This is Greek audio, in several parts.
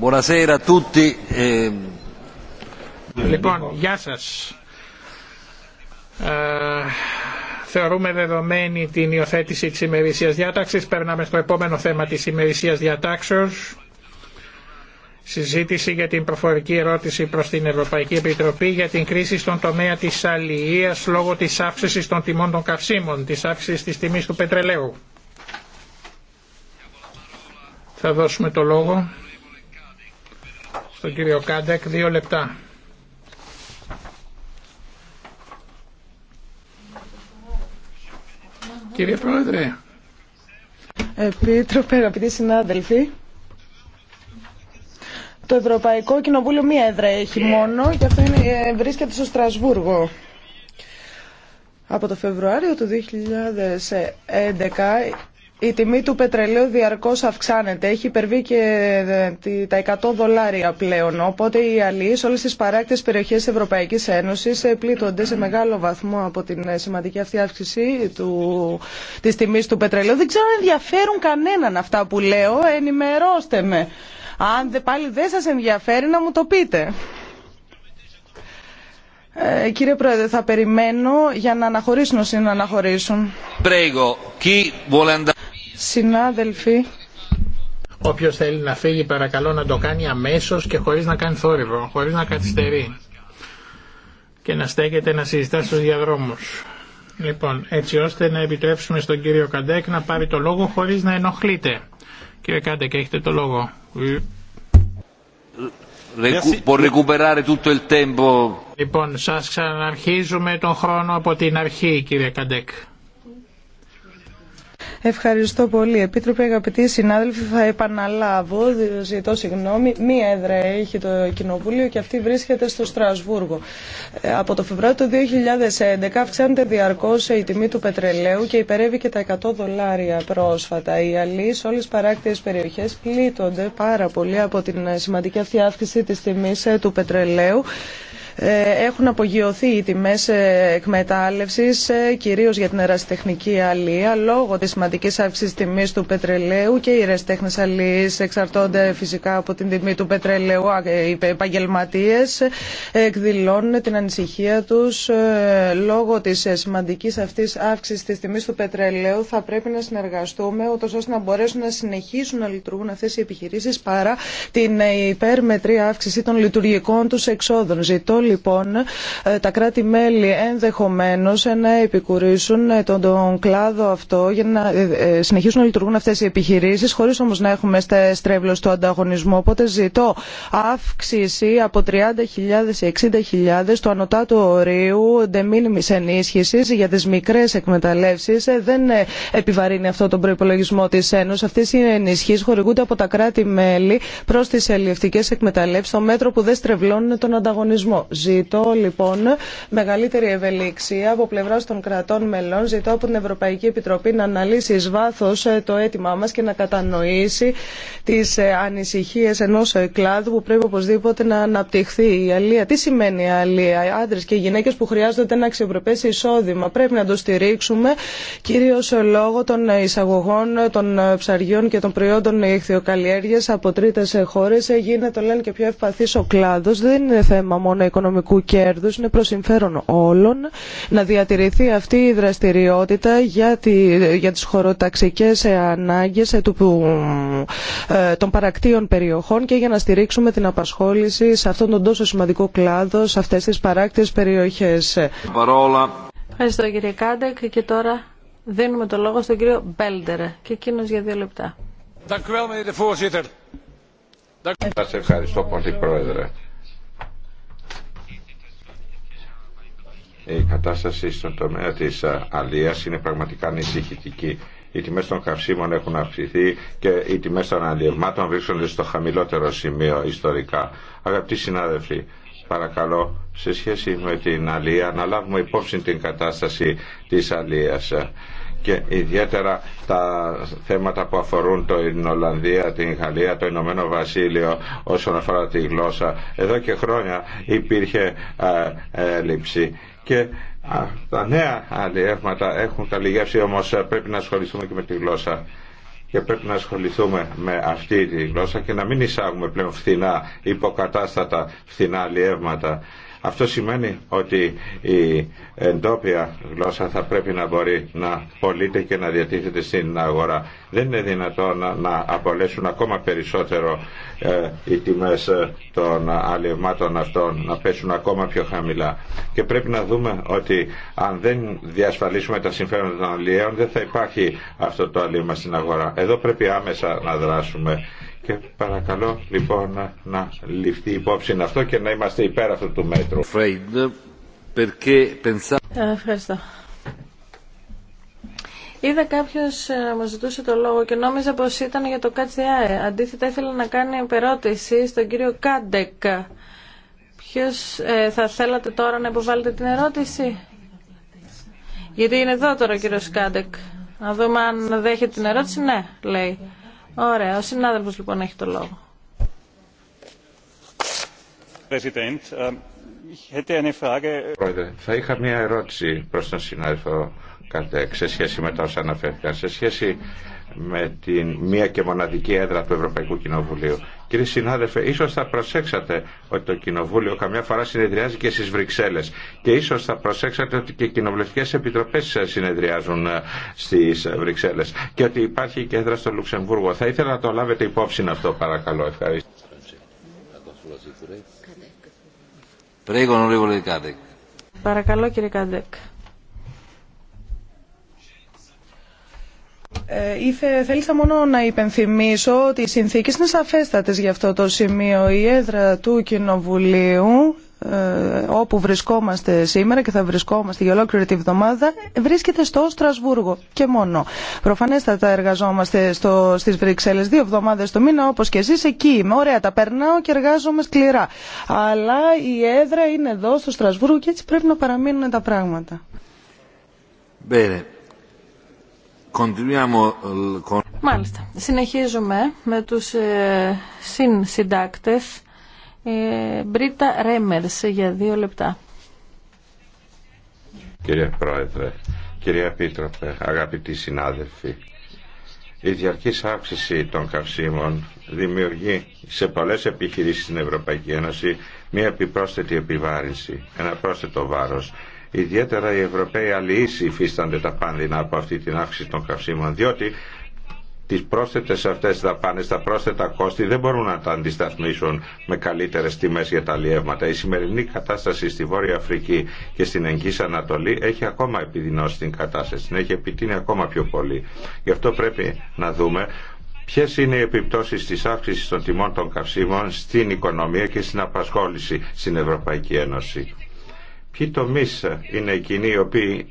Ehm, λοιπόν, γεια σας. Ε, θεωρούμε δεδομένη την υιοθέτηση της ημερησίας διάταξης. Περνάμε στο επόμενο θέμα της ημερησίας διατάξεως. Συζήτηση για την προφορική ερώτηση προς την Ευρωπαϊκή Επιτροπή για την κρίση στον τομέα της αλληλείας λόγω της αύξησης των τιμών των καυσίμων, της αύξησης της τιμής του πετρελαίου. Θα δώσουμε το λόγο στον κύριο Κάντεκ. Δύο λεπτά. Κύριε Πρόεδρε. Επίτροπε, αγαπητοί συνάδελφοι. Το Ευρωπαϊκό Κοινοβούλιο μία έδρα έχει μόνο και αυτό είναι, ε, βρίσκεται στο Στρασβούργο. Από το Φεβρουάριο του 2011 η τιμή του πετρελαίου διαρκώς αυξάνεται. Έχει υπερβεί και ε, τα 100 δολάρια πλέον. Οπότε οι σε όλες τις παράκτες περιοχές της Ευρωπαϊκής Ένωσης ε, πλήττονται σε μεγάλο βαθμό από την ε, σημαντική αυτή αύξηση του, της τιμής του πετρελαίου. Δεν ξέρω αν ενδιαφέρουν κανέναν αυτά που λέω. Ενημερώστε με. Αν δε, πάλι δεν σας ενδιαφέρει να μου το πείτε. Ε, κύριε Πρόεδρε, θα περιμένω για να αναχωρήσουν όσοι να αναχωρήσουν. Συνάδελφοι. Όποιος θέλει να φύγει παρακαλώ να το κάνει αμέσως και χωρίς να κάνει θόρυβο, χωρίς να καθυστερεί και να στέκεται να συζητά στους διαδρόμους. Λοιπόν, έτσι ώστε να επιτρέψουμε στον κύριο Καντέκ να πάρει το λόγο χωρίς να ενοχλείται. Κύριε Καντέκ, έχετε το λόγο. Λοιπόν, σας ξαναρχίζουμε τον χρόνο από την αρχή, κύριε Καντέκ. Ευχαριστώ πολύ. Επίτροπε, αγαπητοί συνάδελφοι, θα επαναλάβω, ζητώ συγγνώμη, μία έδρα έχει το Κοινοβούλιο και αυτή βρίσκεται στο Στρασβούργο. Ε, από το Φεβρουάριο του 2011 αυξάνεται διαρκώ η τιμή του πετρελαίου και υπερεύει και τα 100 δολάρια πρόσφατα. Οι αλλοί σε όλε τι περιοχές περιοχέ πλήττονται πάρα πολύ από την σημαντική αυτή αύξηση τη τιμή ε, του πετρελαίου. Ε, έχουν απογειωθεί οι τιμές ε, εκμετάλλευσης, ε, κυρίως για την ερασιτεχνική αλία, λόγω της σημαντικής αύξησης τιμής του πετρελαίου και οι ερασιτέχνες αλίες εξαρτώνται φυσικά από την τιμή του πετρελαίου. Οι επαγγελματίε εκδηλώνουν την ανησυχία τους λόγω της σημαντικής αυτής αύξησης της τιμής του πετρελαίου. Θα πρέπει να συνεργαστούμε, ούτως ώστε να μπορέσουν να συνεχίσουν να λειτουργούν αυτές οι επιχειρήσεις παρά την υπέρμετρη αύξηση των λειτουργικών τους εξόδων. Ζητώ λοιπόν ε, τα κράτη-μέλη ενδεχομένως να επικουρήσουν ε, τον, κλάδο αυτό για να ε, συνεχίσουν να λειτουργούν αυτές οι επιχειρήσεις χωρίς όμως να έχουμε στρέβλος του ανταγωνισμό, Οπότε ζητώ αύξηση από 30.000 σε 60.000 του ανωτάτου ορίου de minimis ενίσχυσης για τις μικρές εκμεταλλεύσεις. Δεν επιβαρύνει αυτό τον προϋπολογισμό της Ένωσης. Αυτές οι ενισχύσεις χορηγούνται από τα κράτη-μέλη προς τις ελληνικές εκμεταλλεύσεις στο μέτρο που δεν στρεβλώνουν τον ανταγωνισμό. Ζητώ λοιπόν μεγαλύτερη ευελιξία από πλευρά των κρατών μελών. Ζητώ από την Ευρωπαϊκή Επιτροπή να αναλύσει εις ε, το αίτημά μα και να κατανοήσει τι ε, ανησυχίε ενό ε, κλάδου που πρέπει οπωσδήποτε να αναπτυχθεί η αλία. Τι σημαίνει η αλία, άντρε και γυναίκε που χρειάζονται ένα αξιοπρεπέ εισόδημα. Πρέπει να το στηρίξουμε κυρίω λόγω των εισαγωγών των ψαριών και των προϊόντων ηχθειοκαλλιέργεια από τρίτε χώρε. Γίνεται, πιο ευπαθή ο κλάδο. Δεν είναι θέμα μόνο οικονομικού κέρδους. Είναι προ συμφέρον όλων να διατηρηθεί αυτή η δραστηριότητα για, τι για τις χωροταξικές ε, των παρακτήων περιοχών και για να στηρίξουμε την απασχόληση σε αυτόν τον τόσο σημαντικό κλάδο, σε αυτές τις παράκτιες περιοχές. Παρόλα. Ευχαριστώ κύριε Κάντεκ και τώρα δίνουμε το λόγο στον κύριο Μπέλντερε και εκείνο για δύο λεπτά. ευχαριστώ πολύ πρόεδρε. η κατάσταση στον τομέα της αλίας είναι πραγματικά ανησυχητική. Οι τιμέ των καυσίμων έχουν αυξηθεί και οι τιμέ των αλλιευμάτων βρίσκονται στο χαμηλότερο σημείο ιστορικά. Αγαπητοί συνάδελφοι, παρακαλώ σε σχέση με την αλία να λάβουμε υπόψη την κατάσταση τη αλίας και ιδιαίτερα τα θέματα που αφορούν την Ολλανδία, την Γαλλία, το Ηνωμένο Βασίλειο όσον αφορά τη γλώσσα. Εδώ και χρόνια υπήρχε έλλειψη και τα νέα αλλιεύματα έχουν τα όμως ε, πρέπει να ασχοληθούμε και με τη γλώσσα και πρέπει να ασχοληθούμε με αυτή τη γλώσσα και να μην εισάγουμε πλέον φθηνά, υποκατάστατα φθηνά αλλιεύματα. Αυτό σημαίνει ότι η εντόπια γλώσσα θα πρέπει να μπορεί να πωλείται και να διατίθεται στην αγορά. Δεν είναι δυνατόν να απολέσουν ακόμα περισσότερο ε, οι τιμές ε, των αλευμάτων αυτών, να πέσουν ακόμα πιο χαμηλά. Και πρέπει να δούμε ότι αν δεν διασφαλίσουμε τα συμφέροντα των αλλιέων δεν θα υπάρχει αυτό το αλεύμα στην αγορά. Εδώ πρέπει άμεσα να δράσουμε. Και παρακαλώ λοιπόν να, να ληφθεί υπόψη αυτό και να είμαστε υπέρ αυτού του μέτρου. Ε, ευχαριστώ. Είδα κάποιο να ε, μου ζητούσε το λόγο και νόμιζα πω ήταν για το ΚΑΤΣΔΙΑΕ. Αντίθετα, ήθελα να κάνει υπερώτηση στον κύριο Κάντεκ. Ποιο ε, θα θέλατε τώρα να υποβάλλετε την ερώτηση, Γιατί είναι εδώ τώρα ο κύριο Κάντεκ. Να δούμε αν δέχεται την ερώτηση. Ναι, λέει. Ωραία, ο συνάδελφο λοιπόν έχει το λόγο. Um, Πρόεδρε, θα είχα μια ερώτηση προς τον συνάδελφο Καρτέκ σε σχέση με τα όσα αναφέρθηκαν, σε σχέση με την μία και μοναδική έδρα του Ευρωπαϊκού Κοινοβουλίου. Κύριε συνάδελφε, ίσως θα προσέξατε ότι το Κοινοβούλιο καμιά φορά συνεδριάζει και στις Βρυξέλλες και ίσως θα προσέξατε ότι και οι κοινοβουλευτικές επιτροπές συνεδριάζουν ε, στις Βρυξέλλες και ότι υπάρχει και έδρα στο Λουξεμβούργο. Θα ήθελα να το λάβετε υπόψη αυτό παρακαλώ. Ευχαριστώ. Παρακαλώ κύριε Κάντεκ. Ε, θέλησα μόνο να υπενθυμίσω ότι οι συνθήκες είναι σαφέστατες για αυτό το σημείο. Η έδρα του Κοινοβουλίου ε, όπου βρισκόμαστε σήμερα και θα βρισκόμαστε για ολόκληρη τη βδομάδα βρίσκεται στο Στρασβούργο και μόνο. Προφανέστατα εργαζόμαστε στο, στις Βρυξέλλες δύο εβδομάδες το μήνα όπως και εσείς εκεί είμαι. Ωραία τα περνάω και εργάζομαι σκληρά. Αλλά η έδρα είναι εδώ στο Στρασβούργο και έτσι πρέπει να παραμείνουν τα πράγματα. Ε, Μάλιστα. Συνεχίζουμε με τους ε, συνσυντάκτες. Ε, Μπρίτα Ρέμερς για δύο λεπτά. Κύριε Πρόεδρε, κύριε επίτροπε, αγαπητοί συνάδελφοι, η διαρκής αύξηση των καυσίμων δημιουργεί σε πολλές επιχειρήσεις στην Ευρωπαϊκή Ένωση μια επιπρόσθετη επιβάρυνση, ένα πρόσθετο βάρος Ιδιαίτερα οι Ευρωπαίοι αλληλείς υφίστανται τα πάνδυνα από αυτή την αύξηση των καυσίμων, διότι τις πρόσθετες αυτές δαπάνες, τα πρόσθετα κόστη δεν μπορούν να τα αντισταθμίσουν με καλύτερες τιμές για τα αλλιεύματα. Η σημερινή κατάσταση στη Βόρεια Αφρική και στην Εγγύης Ανατολή έχει ακόμα επιδεινώσει την κατάσταση, την έχει επιτείνει ακόμα πιο πολύ. Γι' αυτό πρέπει να δούμε Ποιε είναι οι επιπτώσει τη αύξηση των τιμών των καυσίμων στην οικονομία και στην απασχόληση στην Ευρωπαϊκή Ένωση ποιοι τομεί είναι εκείνοι οι οποίοι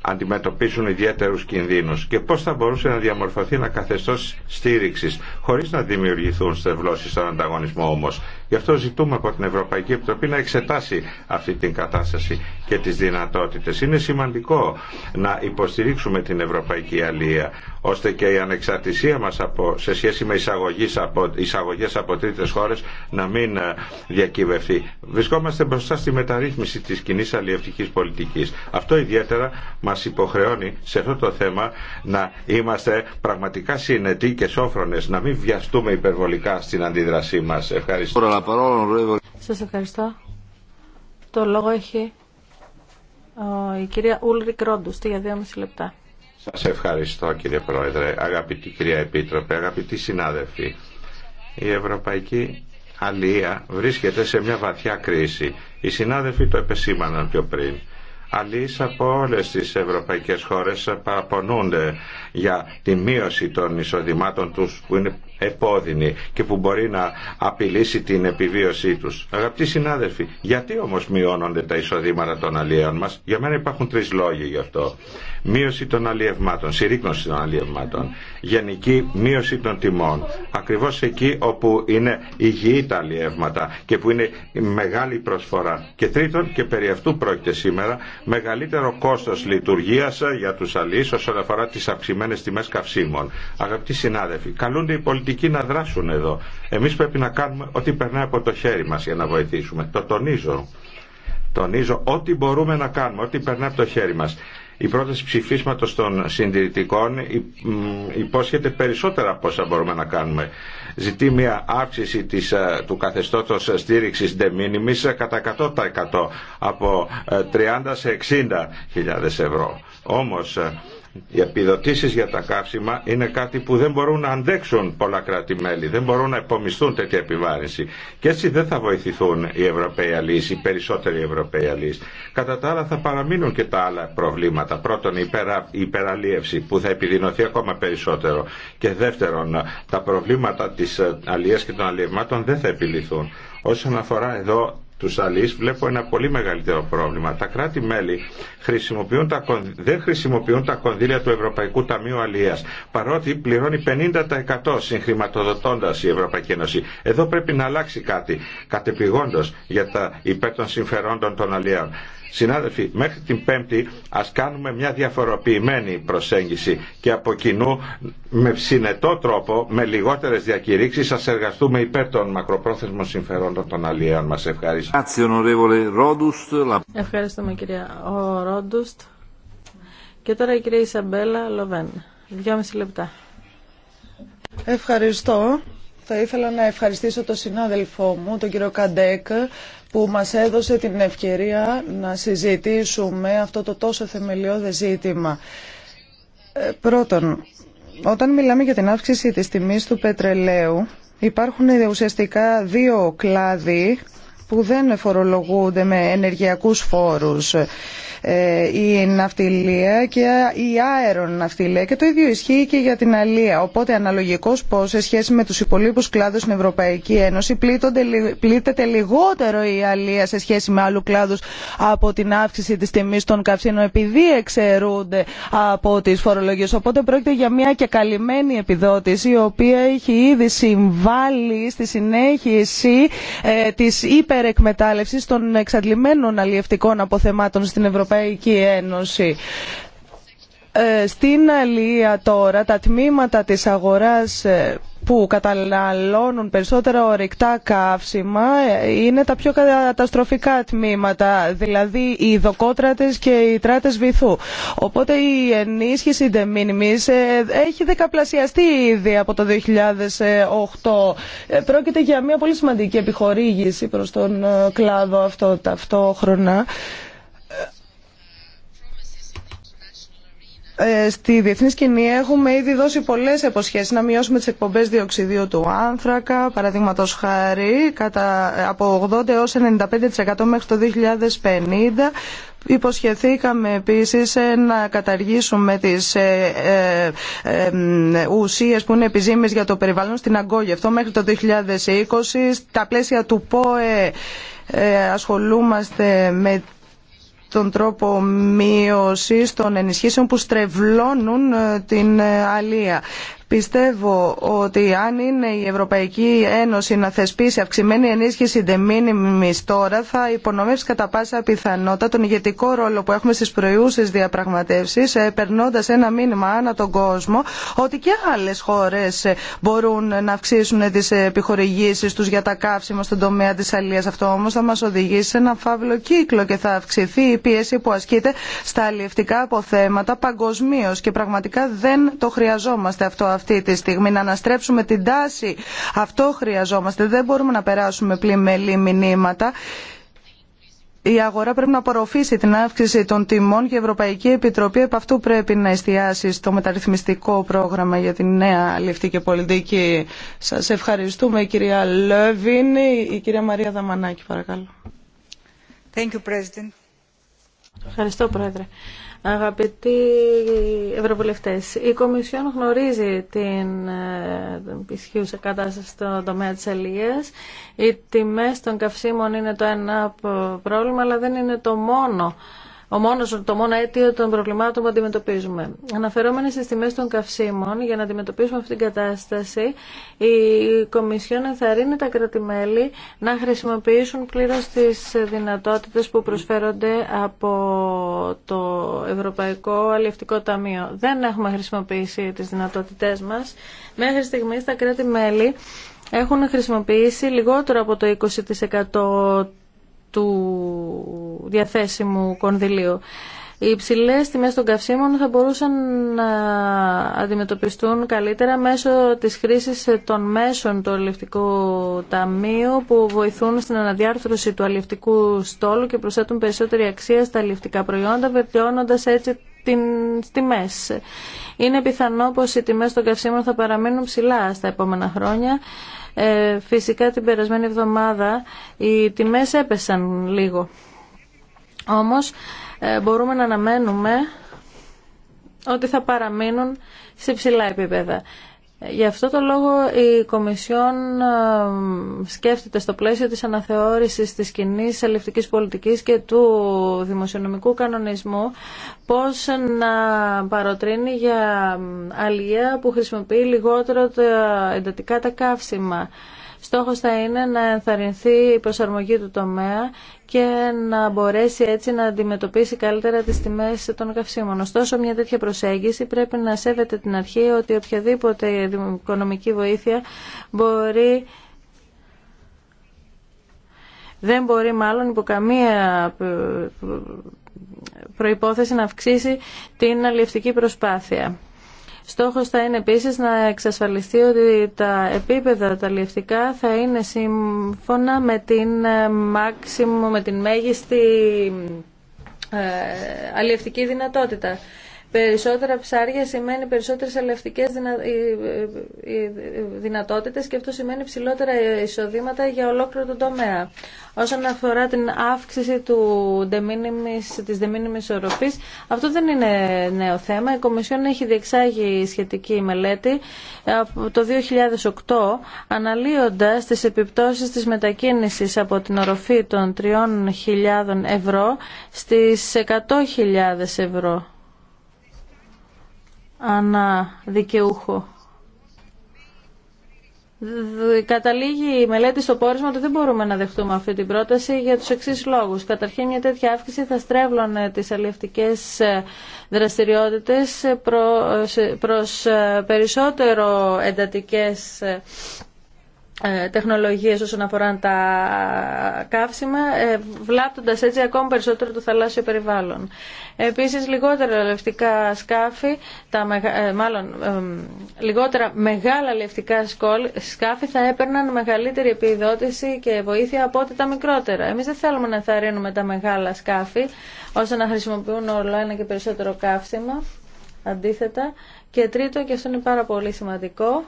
αντιμετωπίζουν ιδιαίτερους κινδύνους και πώς θα μπορούσε να διαμορφωθεί ένα καθεστώς στήριξης χωρίς να δημιουργηθούν στευλώσεις στον ανταγωνισμό όμως. Γι' αυτό ζητούμε από την Ευρωπαϊκή Επιτροπή να εξετάσει αυτή την κατάσταση και τις δυνατότητες. Είναι σημαντικό να υποστηρίξουμε την Ευρωπαϊκή Αλία ώστε και η ανεξαρτησία μας από, σε σχέση με εισαγωγές από, εισαγωγές από τρίτες χώρες να μην ε, διακυβευτεί. Βρισκόμαστε μπροστά στη μεταρρύθμιση της κοινή αλλιευτικής πολιτικής. Αυτό ιδιαίτερα μας υποχρεώνει σε αυτό το θέμα να είμαστε πραγματικά συνετοί και σόφρονες, να μην βιαστούμε υπερβολικά στην αντίδρασή μας. Ευχαριστώ. Σας ευχαριστώ. Το λόγο έχει η κυρία Ούλρικ στη για δύο μισή λεπτά. Σας ευχαριστώ κύριε Πρόεδρε, αγαπητή κυρία Επίτροπε, αγαπητοί συνάδελφοι. Η Ευρωπαϊκή Αλία βρίσκεται σε μια βαθιά κρίση. Οι συνάδελφοι το επεσήμαναν πιο πριν. Αλείς από όλες τις ευρωπαϊκές χώρες παραπονούνται για τη μείωση των εισοδημάτων τους που είναι και που μπορεί να απειλήσει την επιβίωσή τους. Αγαπητοί συνάδελφοι, γιατί όμως μειώνονται τα εισοδήματα των αλλιέων μας. Για μένα υπάρχουν τρεις λόγοι γι' αυτό. Μείωση των αλλιευμάτων, συρρήκνωση των αλλιευμάτων, γενική μείωση των τιμών. Ακριβώς εκεί όπου είναι υγιή τα αλλιεύματα και που είναι μεγάλη προσφορά. Και τρίτον, και περί αυτού πρόκειται σήμερα, μεγαλύτερο κόστος λειτουργίας για τους αλλιείς όσον αφορά τις αυξημένες τιμές καυσίμων. Αγαπητοί συνάδελφοι, καλούνται οι πολιτικοί πολιτικοί να δράσουν εδώ. Εμείς πρέπει να κάνουμε ό,τι περνάει από το χέρι μας για να βοηθήσουμε. Το τονίζω. Τονίζω ό,τι μπορούμε να κάνουμε, ό,τι περνάει από το χέρι μας. Η πρόταση ψηφίσματο των συντηρητικών υπόσχεται περισσότερα από όσα μπορούμε να κάνουμε. Ζητεί μια αύξηση της, ε, του καθεστώτος στήριξης de minimis κατά 100% από 30 ε, σε 60 χιλιάδες ευρώ. Όμως ε, οι επιδοτήσεις για τα καύσιμα είναι κάτι που δεν μπορούν να αντέξουν πολλά κράτη-μέλη, δεν μπορούν να υπομισθούν τέτοια επιβάρυνση. Και έτσι δεν θα βοηθηθούν οι Ευρωπαίοι αλλοίς, οι περισσότεροι Ευρωπαίοι αλλοίς. Κατά τα άλλα θα παραμείνουν και τα άλλα προβλήματα. Πρώτον, η υπερα, υπεραλίευση που θα επιδεινωθεί ακόμα περισσότερο. Και δεύτερον, τα προβλήματα της ε, αλλίας και των αλλιευμάτων δεν θα επιληθούν. Όσον αφορά εδώ του Αλλή βλέπω ένα πολύ μεγαλύτερο πρόβλημα. Τα κράτη-μέλη δεν χρησιμοποιούν τα κονδύλια του Ευρωπαϊκού Ταμείου Αλίας, παρότι πληρώνει 50% συγχρηματοδοτώντα η Ευρωπαϊκή Ένωση. Εδώ πρέπει να αλλάξει κάτι, κατεπηγόντω για τα υπέρ των συμφερόντων των Αλλιών. Συνάδελφοι, μέχρι την Πέμπτη ας κάνουμε μια διαφοροποιημένη προσέγγιση και από κοινού με συνετό τρόπο, με λιγότερες διακηρύξεις, ας εργαστούμε υπέρ των μακροπρόθεσμων συμφερόντων των αλλιέων. Μας ευχαριστώ. Ευχαριστούμε κυρία Ο Ρόντουστ. Και τώρα η κυρία Ισαμπέλα Λοβέν. Δυόμιση λεπτά. Ευχαριστώ. Θα ήθελα να ευχαριστήσω τον συνάδελφό μου, τον κύριο Καντέκ, που μας έδωσε την ευκαιρία να συζητήσουμε αυτό το τόσο θεμελιώδες ζήτημα. Ε, πρώτον, όταν μιλάμε για την αύξηση της τιμής του πετρελαίου, υπάρχουν ουσιαστικά δύο κλάδοι που δεν φορολογούνται με ενεργειακούς φόρους ε, η ναυτιλία και η αεροναυτιλία και το ίδιο ισχύει και για την αλία. Οπότε αναλογικός πως σε σχέση με τους υπολείπους κλάδους στην Ευρωπαϊκή Ένωση πλήττεται λιγότερο η αλία σε σχέση με άλλου κλάδους από την αύξηση της τιμής των καυσίνων επειδή εξαιρούνται από τις φορολογίες. Οπότε πρόκειται για μια και καλυμμένη επιδότηση η οποία έχει ήδη συμβάλει στη συνέχιση ε, της υπερεκμετάλλευση των εξαντλημένων αλλιευτικών αποθεμάτων στην Ευρωπαϊκή Ένωση. Ε, στην Αλία τώρα τα τμήματα της αγοράς ε, που καταναλώνουν περισσότερα ορυκτά καύσιμα ε, είναι τα πιο καταστροφικά τμήματα, δηλαδή οι δοκότρατες και οι τράτες βυθού. Οπότε η ενίσχυση de minimis έχει δεκαπλασιαστεί ήδη από το 2008. Πρόκειται για μια πολύ σημαντική επιχορήγηση προς τον κλάδο αυτό ταυτόχρονα ε, στη διεθνή σκηνή έχουμε ήδη δώσει πολλέ υποσχέσει να μειώσουμε τι εκπομπέ διοξιδίου του άνθρακα, παραδείγματο χάρη, από 80 έω 95% μέχρι το 2050. Υποσχεθήκαμε επίσης ε, να καταργήσουμε τις ε, ε ουσίες που είναι επιζήμιες για το περιβάλλον στην Αγκόγη. Αυτό μέχρι το 2020, τα πλαίσια του ΠΟΕ ασχολούμαστε με τον τρόπο μείωση των ενισχύσεων που στρεβλώνουν ε, την ε, αλία. Πιστεύω ότι αν είναι η Ευρωπαϊκή Ένωση να θεσπίσει αυξημένη ενίσχυση minimis τώρα θα υπονομεύσει κατά πάσα πιθανότητα τον ηγετικό ρόλο που έχουμε στις προϊούσες διαπραγματεύσεις ε, περνώντας ένα μήνυμα ανά τον κόσμο ότι και άλλες χώρες ε, μπορούν να αυξήσουν τις επιχορηγήσεις τους για τα καύσιμα στον τομέα της αλίας. Αυτό όμως θα μας οδηγήσει σε ένα φαύλο κύκλο και θα αυξηθεί η πίεση που ασκείται στα αλληλευτικά αποθέματα παγκοσμίω και πραγματικά δεν το χρειαζόμαστε αυτό αυτή τη στιγμή, να αναστρέψουμε την τάση. Αυτό χρειαζόμαστε. Δεν μπορούμε να περάσουμε πλημελή μηνύματα. Η αγορά πρέπει να απορροφήσει την αύξηση των τιμών και η Ευρωπαϊκή Επιτροπή επ' αυτού πρέπει να εστιάσει στο μεταρρυθμιστικό πρόγραμμα για την νέα και πολιτική. Σας ευχαριστούμε κυρία Λεύιν. Η κυρία Μαρία Δαμανάκη παρακαλώ. Thank you, President. Ευχαριστώ Πρόεδρε. Αγαπητοί Ευρωβουλευτές, η Κομισιόν γνωρίζει την ε, ισχύουσα κατάσταση στον τομέα τη αλληλείας. Οι τιμέ των καυσίμων είναι το ένα πρόβλημα, αλλά δεν είναι το μόνο ο μόνος, το μόνο αίτιο των προβλημάτων που αντιμετωπίζουμε. Αναφερόμενοι στις τιμές των καυσίμων, για να αντιμετωπίσουμε αυτή την κατάσταση, η Κομισιόν ενθαρρύνει τα κρατημέλη να χρησιμοποιήσουν πλήρως τις δυνατότητες που προσφέρονται από το Ευρωπαϊκό Αλληλευτικό Ταμείο. Δεν έχουμε χρησιμοποιήσει τις δυνατότητές μας. Μέχρι στιγμής τα κρατη έχουν χρησιμοποιήσει λιγότερο από το 20% του διαθέσιμου κονδυλίου. Οι υψηλέ τιμέ των καυσίμων θα μπορούσαν να αντιμετωπιστούν καλύτερα μέσω τη χρήση των μέσων του Αλληλευτικού Ταμείου που βοηθούν στην αναδιάρθρωση του αλληλευτικού στόλου και προσθέτουν περισσότερη αξία στα αλληλευτικά προϊόντα, βελτιώνοντα έτσι τις τιμές. Είναι πιθανό πως οι τιμέ των καυσίμων θα παραμείνουν ψηλά στα επόμενα χρόνια. Ε, φυσικά την περασμένη εβδομάδα οι τιμές έπεσαν λίγο. Όμως ε, μπορούμε να αναμένουμε ότι θα παραμείνουν σε ψηλά επίπεδα. Γι' αυτό το λόγο η Κομισιόν ε, σκέφτεται στο πλαίσιο της αναθεώρησης της κοινή ελευτικής πολιτικής και του δημοσιονομικού κανονισμού πώς να παροτρύνει για αλληλεία που χρησιμοποιεί λιγότερο τα εντατικά τα καύσιμα. Στόχος θα είναι να ενθαρρυνθεί η προσαρμογή του τομέα και να μπορέσει έτσι να αντιμετωπίσει καλύτερα τις τιμές των καυσίμων. Ωστόσο, μια τέτοια προσέγγιση πρέπει να σέβεται την αρχή ότι οποιαδήποτε οικονομική βοήθεια μπορεί δεν μπορεί μάλλον υπό καμία προϋπόθεση να αυξήσει την αλληλευτική προσπάθεια. Στόχος θα είναι επίσης να εξασφαλιστεί ότι τα επίπεδα τα λιευτικά θα είναι σύμφωνα με την ε, μάξιμο, με την μέγιστη ε, αλλιευτική δυνατότητα. Περισσότερα ψάρια σημαίνει περισσότερες ελευτικές ε, ε, ε, δυνατότητες και αυτό σημαίνει ψηλότερα εισοδήματα για ολόκληρο τον τομέα. Όσον αφορά την αύξηση του de minimis, της de οροφής, αυτό δεν είναι νέο θέμα. Η Κομισιόν έχει διεξάγει σχετική μελέτη το 2008, αναλύοντας τις επιπτώσεις της μετακίνησης από την οροφή των 3.000 ευρώ στις 100.000 ευρώ ανά δικαιούχο. Καταλήγει η μελέτη στο πόρισμα ότι δεν μπορούμε να δεχτούμε αυτή την πρόταση για τους εξής λόγους. Καταρχήν μια τέτοια αύξηση θα στρέβλωνε τις αλληλευτικές ε, δραστηριότητες ε, ε, προς περισσότερο εντατικές ε, τεχνολογίες όσον αφορά τα καύσιμα, ε, βλάπτοντας έτσι ακόμη περισσότερο το θαλάσσιο περιβάλλον. Επίσης, λιγότερα λευτικά σκάφη, τα ε, μάλλον λιγότερα μεγάλα λευτικά σκάφη θα έπαιρναν μεγαλύτερη επιδότηση και βοήθεια από ό,τι τα μικρότερα. Εμείς δεν θέλουμε να θαρρύνουμε τα μεγάλα σκάφη, ώστε να χρησιμοποιούν όλο ένα και περισσότερο καύσιμα, αντίθετα. Και τρίτο, και αυτό είναι πάρα πολύ σημαντικό,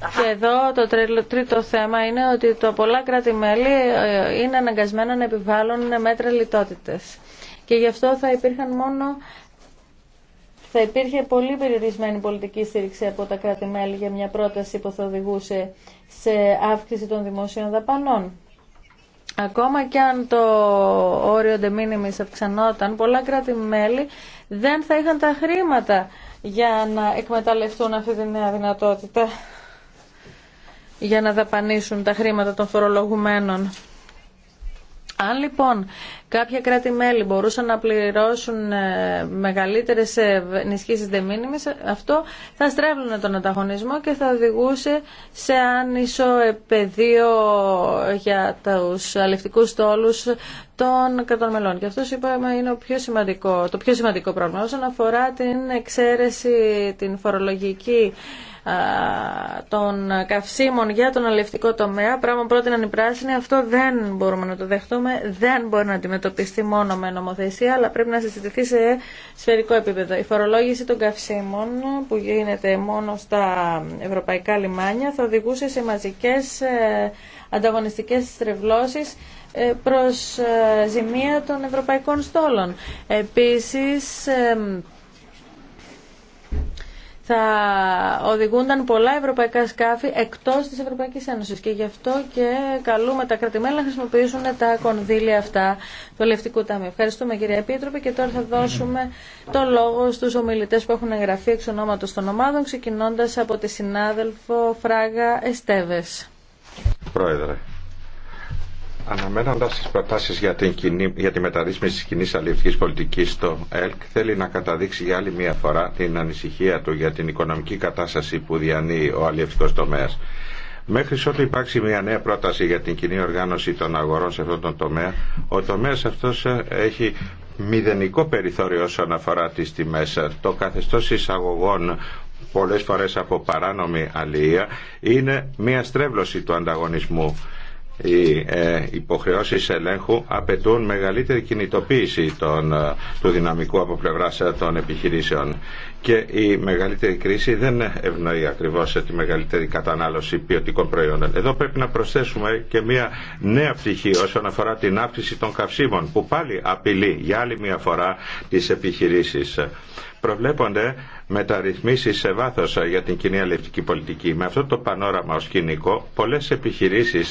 Και εδώ το τρίτο θέμα είναι ότι το πολλά κράτη-μέλη ε, είναι αναγκασμένα να επιβάλλουν μέτρα λιτότητες. Και γι' αυτό θα υπήρχαν μόνο θα υπήρχε πολύ περιορισμένη πολιτική στήριξη από τα κράτη-μέλη για μια πρόταση που θα οδηγούσε σε αύξηση των δημοσίων δαπανών. Ακόμα και αν το όριο de minimis αυξανόταν, πολλά κράτη-μέλη δεν θα είχαν τα χρήματα για να εκμεταλλευτούν αυτή τη νέα δυνατότητα για να δαπανίσουν τα χρήματα των φορολογουμένων. Αν λοιπόν Κάποια κράτη-μέλη μπορούσαν να πληρώσουν ε, μεγαλύτερες ενισχύσεις δεμήνυμης. Αυτό θα στρέβλωνε τον ανταγωνισμό και θα οδηγούσε σε άνισο πεδίο για του αλευτικού στόλου των κρατών μελών. Και αυτό είπαμε είναι πιο σημαντικό, το πιο σημαντικό πρόβλημα όσον αφορά την εξαίρεση, την φορολογική των καυσίμων για τον αλευτικό τομέα, πράγμα πρότειναν οι πράσινοι, αυτό δεν μπορούμε να το δεχτούμε, δεν μπορεί να αντιμετωπίσουμε αντιμετωπιστεί μόνο με νομοθεσία, αλλά πρέπει να συζητηθεί σε σφαιρικό επίπεδο. Η φορολόγηση των καυσίμων που γίνεται μόνο στα ευρωπαϊκά λιμάνια θα οδηγούσε σε μαζικέ ε, ανταγωνιστικές στρεβλώσεις ε, προς ε, ζημία των ευρωπαϊκών στόλων. Επίσης, θα οδηγούνταν πολλά ευρωπαϊκά σκάφη εκτός της Ευρωπαϊκής Ένωσης και γι' αυτό και καλούμε τα κρατημένα να χρησιμοποιήσουν τα κονδύλια αυτά του λευτικού Ταμείου. Ευχαριστούμε κύριε Επίτροπε και τώρα θα δώσουμε το λόγο στους ομιλητές που έχουν εγγραφεί εξ ονόματος των ομάδων ξεκινώντας από τη συνάδελφο Φράγα Εστέβες. Πρόεδρε, Αναμένοντα τι προτάσει για, για τη μεταρρύθμιση τη κοινή αλληλευτική πολιτική, το ΕΛΚ θέλει να καταδείξει για άλλη μία φορά την ανησυχία του για την οικονομική κατάσταση που διανύει ο αλληλευτικό τομέα. Μέχρι ότου υπάρξει μια νέα πρόταση για την κοινή οργάνωση των αγορών σε αυτόν τον τομέα, ο τομέα αυτό ε, έχει μηδενικό περιθώριο όσον αφορά τι τιμέ. Το καθεστώ εισαγωγών πολλές φορές από παράνομη αλληλεία είναι μια στρέβλωση του ανταγωνισμού οι ε, υποχρεώσεις ελέγχου απαιτούν μεγαλύτερη κινητοποίηση των, ε, του δυναμικού από πλευρά ε, των επιχειρήσεων και η μεγαλύτερη κρίση δεν ευνοεί ακριβώς τη μεγαλύτερη κατανάλωση ποιοτικών προϊόντων. Εδώ πρέπει να προσθέσουμε και μια νέα πτυχή όσον αφορά την αύξηση των καυσίμων που πάλι απειλεί για άλλη μια φορά τις επιχειρήσεις προβλέπονται μεταρρυθμίσεις σε βάθο για την κοινή αλληλευτική πολιτική. Με αυτό το πανόραμα ω κοινικό, πολλέ επιχειρήσει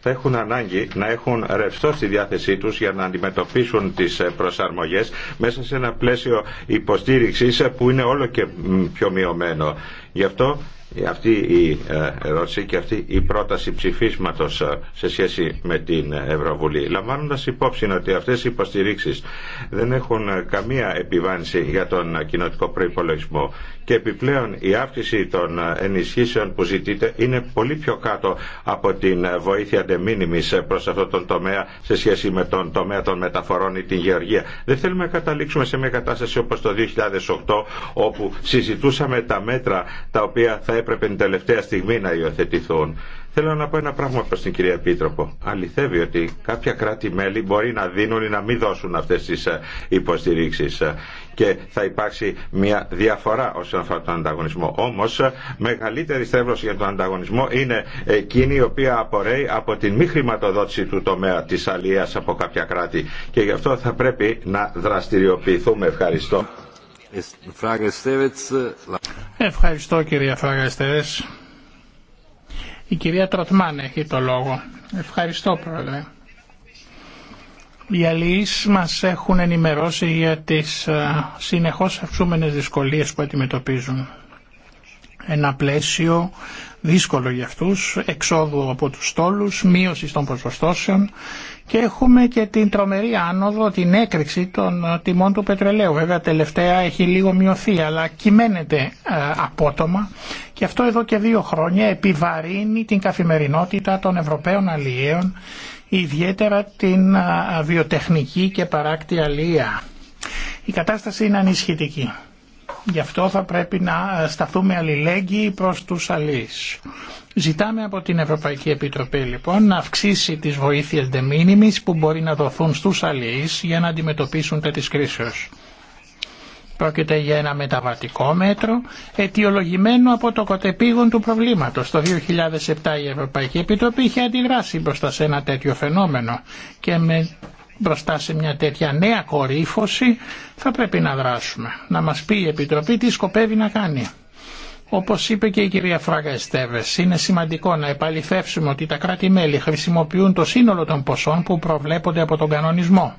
θα έχουν ανάγκη να έχουν ρευστό στη διάθεσή του για να αντιμετωπίσουν τι προσαρμογέ μέσα σε ένα πλαίσιο υποστήριξη που είναι όλο και πιο μειωμένο. Γι' αυτό ε, αυτή η ε, ερώτηση και αυτή η πρόταση ψηφίσματος ε, σε σχέση με την Ευρωβουλή. Λαμβάνοντας υπόψη ότι αυτές οι υποστηρίξεις δεν έχουν καμία επιβάνηση για τον κοινοτικό προϋπολογισμό και επιπλέον η αύξηση των ενισχύσεων που ζητείτε είναι πολύ πιο κάτω από την βοήθεια de minimis προς αυτό τον τομέα σε σχέση με τον τομέα των μεταφορών ή την γεωργία. Δεν θέλουμε να καταλήξουμε σε μια κατάσταση όπως το 2008 όπου συζητούσαμε τα μέτρα τα οποία θα έπρεπε την τελευταία στιγμή να υιοθετηθούν. Θέλω να πω ένα πράγμα προς την κυρία Επίτροπο. Αληθεύει ότι κάποια κράτη-μέλη μπορεί να δίνουν ή να μην δώσουν αυτές τις ε, υποστηρίξεις και θα υπάρξει μια διαφορά όσον αφορά τον ανταγωνισμό. Όμως μεγαλύτερη στρέβλωση για τον ανταγωνισμό είναι εκείνη η οποία απορρέει από την μη χρηματοδότηση του τομέα της αλίας από κάποια κράτη και γι' αυτό θα πρέπει να δραστηριοποιηθούμε. Ευχαριστώ. Äh, Ευχαριστώ κυρία Φράγαστερες. Η κυρία Τροτμάν έχει το λόγο. Ευχαριστώ πρόεδρε. Οι αλληλείς μας έχουν ενημερώσει για τις ε, συνεχώς αυξούμενες δυσκολίες που αντιμετωπίζουν. Ένα πλαίσιο δύσκολο για αυτούς, εξόδου από τους στόλους, μείωση των ποσοστώσεων και έχουμε και την τρομερή άνοδο, την έκρηξη των ε, τιμών του πετρελαίου. Βέβαια τελευταία έχει λίγο μειωθεί αλλά κυμαίνεται ε, απότομα και αυτό εδώ και δύο χρόνια επιβαρύνει την καθημερινότητα των Ευρωπαίων αλλιέων ιδιαίτερα την ε, βιοτεχνική και παράκτη αλληλεία. Η κατάσταση είναι ανισχυτική. Γι' αυτό θα πρέπει να ε, σταθούμε αλληλέγγυοι προς τους αλείς. Ζητάμε από την Ευρωπαϊκή Επιτροπή λοιπόν να αυξήσει τις βοήθειες de που μπορεί να δοθούν στους αλείς για να αντιμετωπίσουν τα της κρίσεως. Πρόκειται για ένα μεταβατικό μέτρο, αιτιολογημένο από το κοτεπήγον του προβλήματος. Το 2007 η Ευρωπαϊκή Επιτροπή είχε αντιδράσει μπροστά σε ένα τέτοιο φαινόμενο και με μπροστά σε μια τέτοια νέα κορύφωση θα πρέπει να δράσουμε. Να μας πει η Επιτροπή τι σκοπεύει να κάνει. Όπως είπε και η κυρία Φράγκα Εστέβες, είναι σημαντικό να επαληθεύσουμε ότι τα κράτη-μέλη χρησιμοποιούν το σύνολο των ποσών που προβλέπονται από τον κανονισμό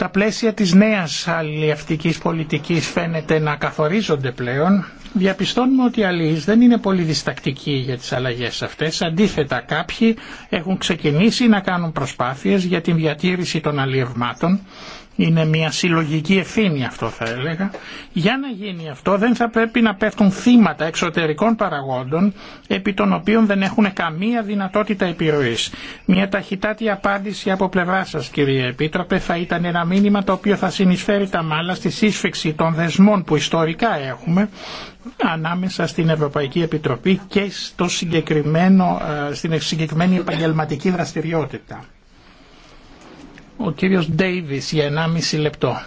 τα πλαίσια της νέας αλληλευτικής πολιτικής φαίνεται να καθορίζονται πλέον. Διαπιστώνουμε ότι οι αλληλείς δεν είναι πολύ διστακτικοί για τις αλλαγές αυτές. Αντίθετα κάποιοι έχουν ξεκινήσει να κάνουν προσπάθειες για την διατήρηση των αλλιευμάτων είναι μια συλλογική ευθύνη αυτό θα έλεγα. Για να γίνει αυτό δεν θα πρέπει να πέφτουν θύματα εξωτερικών παραγόντων επί των οποίων δεν έχουν καμία δυνατότητα επιρροής. Μια ταχυτάτη απάντηση από πλευρά σας κύριε Επίτροπε θα ήταν ένα μήνυμα το οποίο θα συνεισφέρει τα μάλλα στη σύσφυξη των δεσμών που ιστορικά έχουμε ανάμεσα στην Ευρωπαϊκή Επιτροπή και στο συγκεκριμένο, ε, στην συγκεκριμένη επαγγελματική δραστηριότητα. Ο κύριος Ντέιβις για 1,5 λεπτό.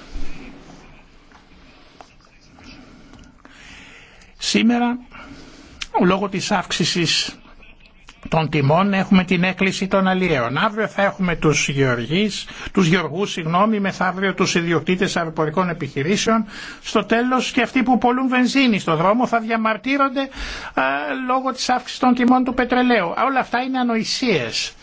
Σήμερα, λόγω της αύξησης των τιμών έχουμε την έκκληση των αλλιέων. Αύριο θα έχουμε τους, γεωργείς, τους γεωργούς, συγγνώμη, μεθαύριο τους ιδιοκτήτες αεροπορικών επιχειρήσεων. Στο τέλος και αυτοί που πολλούν βενζίνη στο δρόμο θα διαμαρτύρονται λόγω της αύξησης των τιμών του πετρελαίου. Όλα αυτά είναι ανοησίες.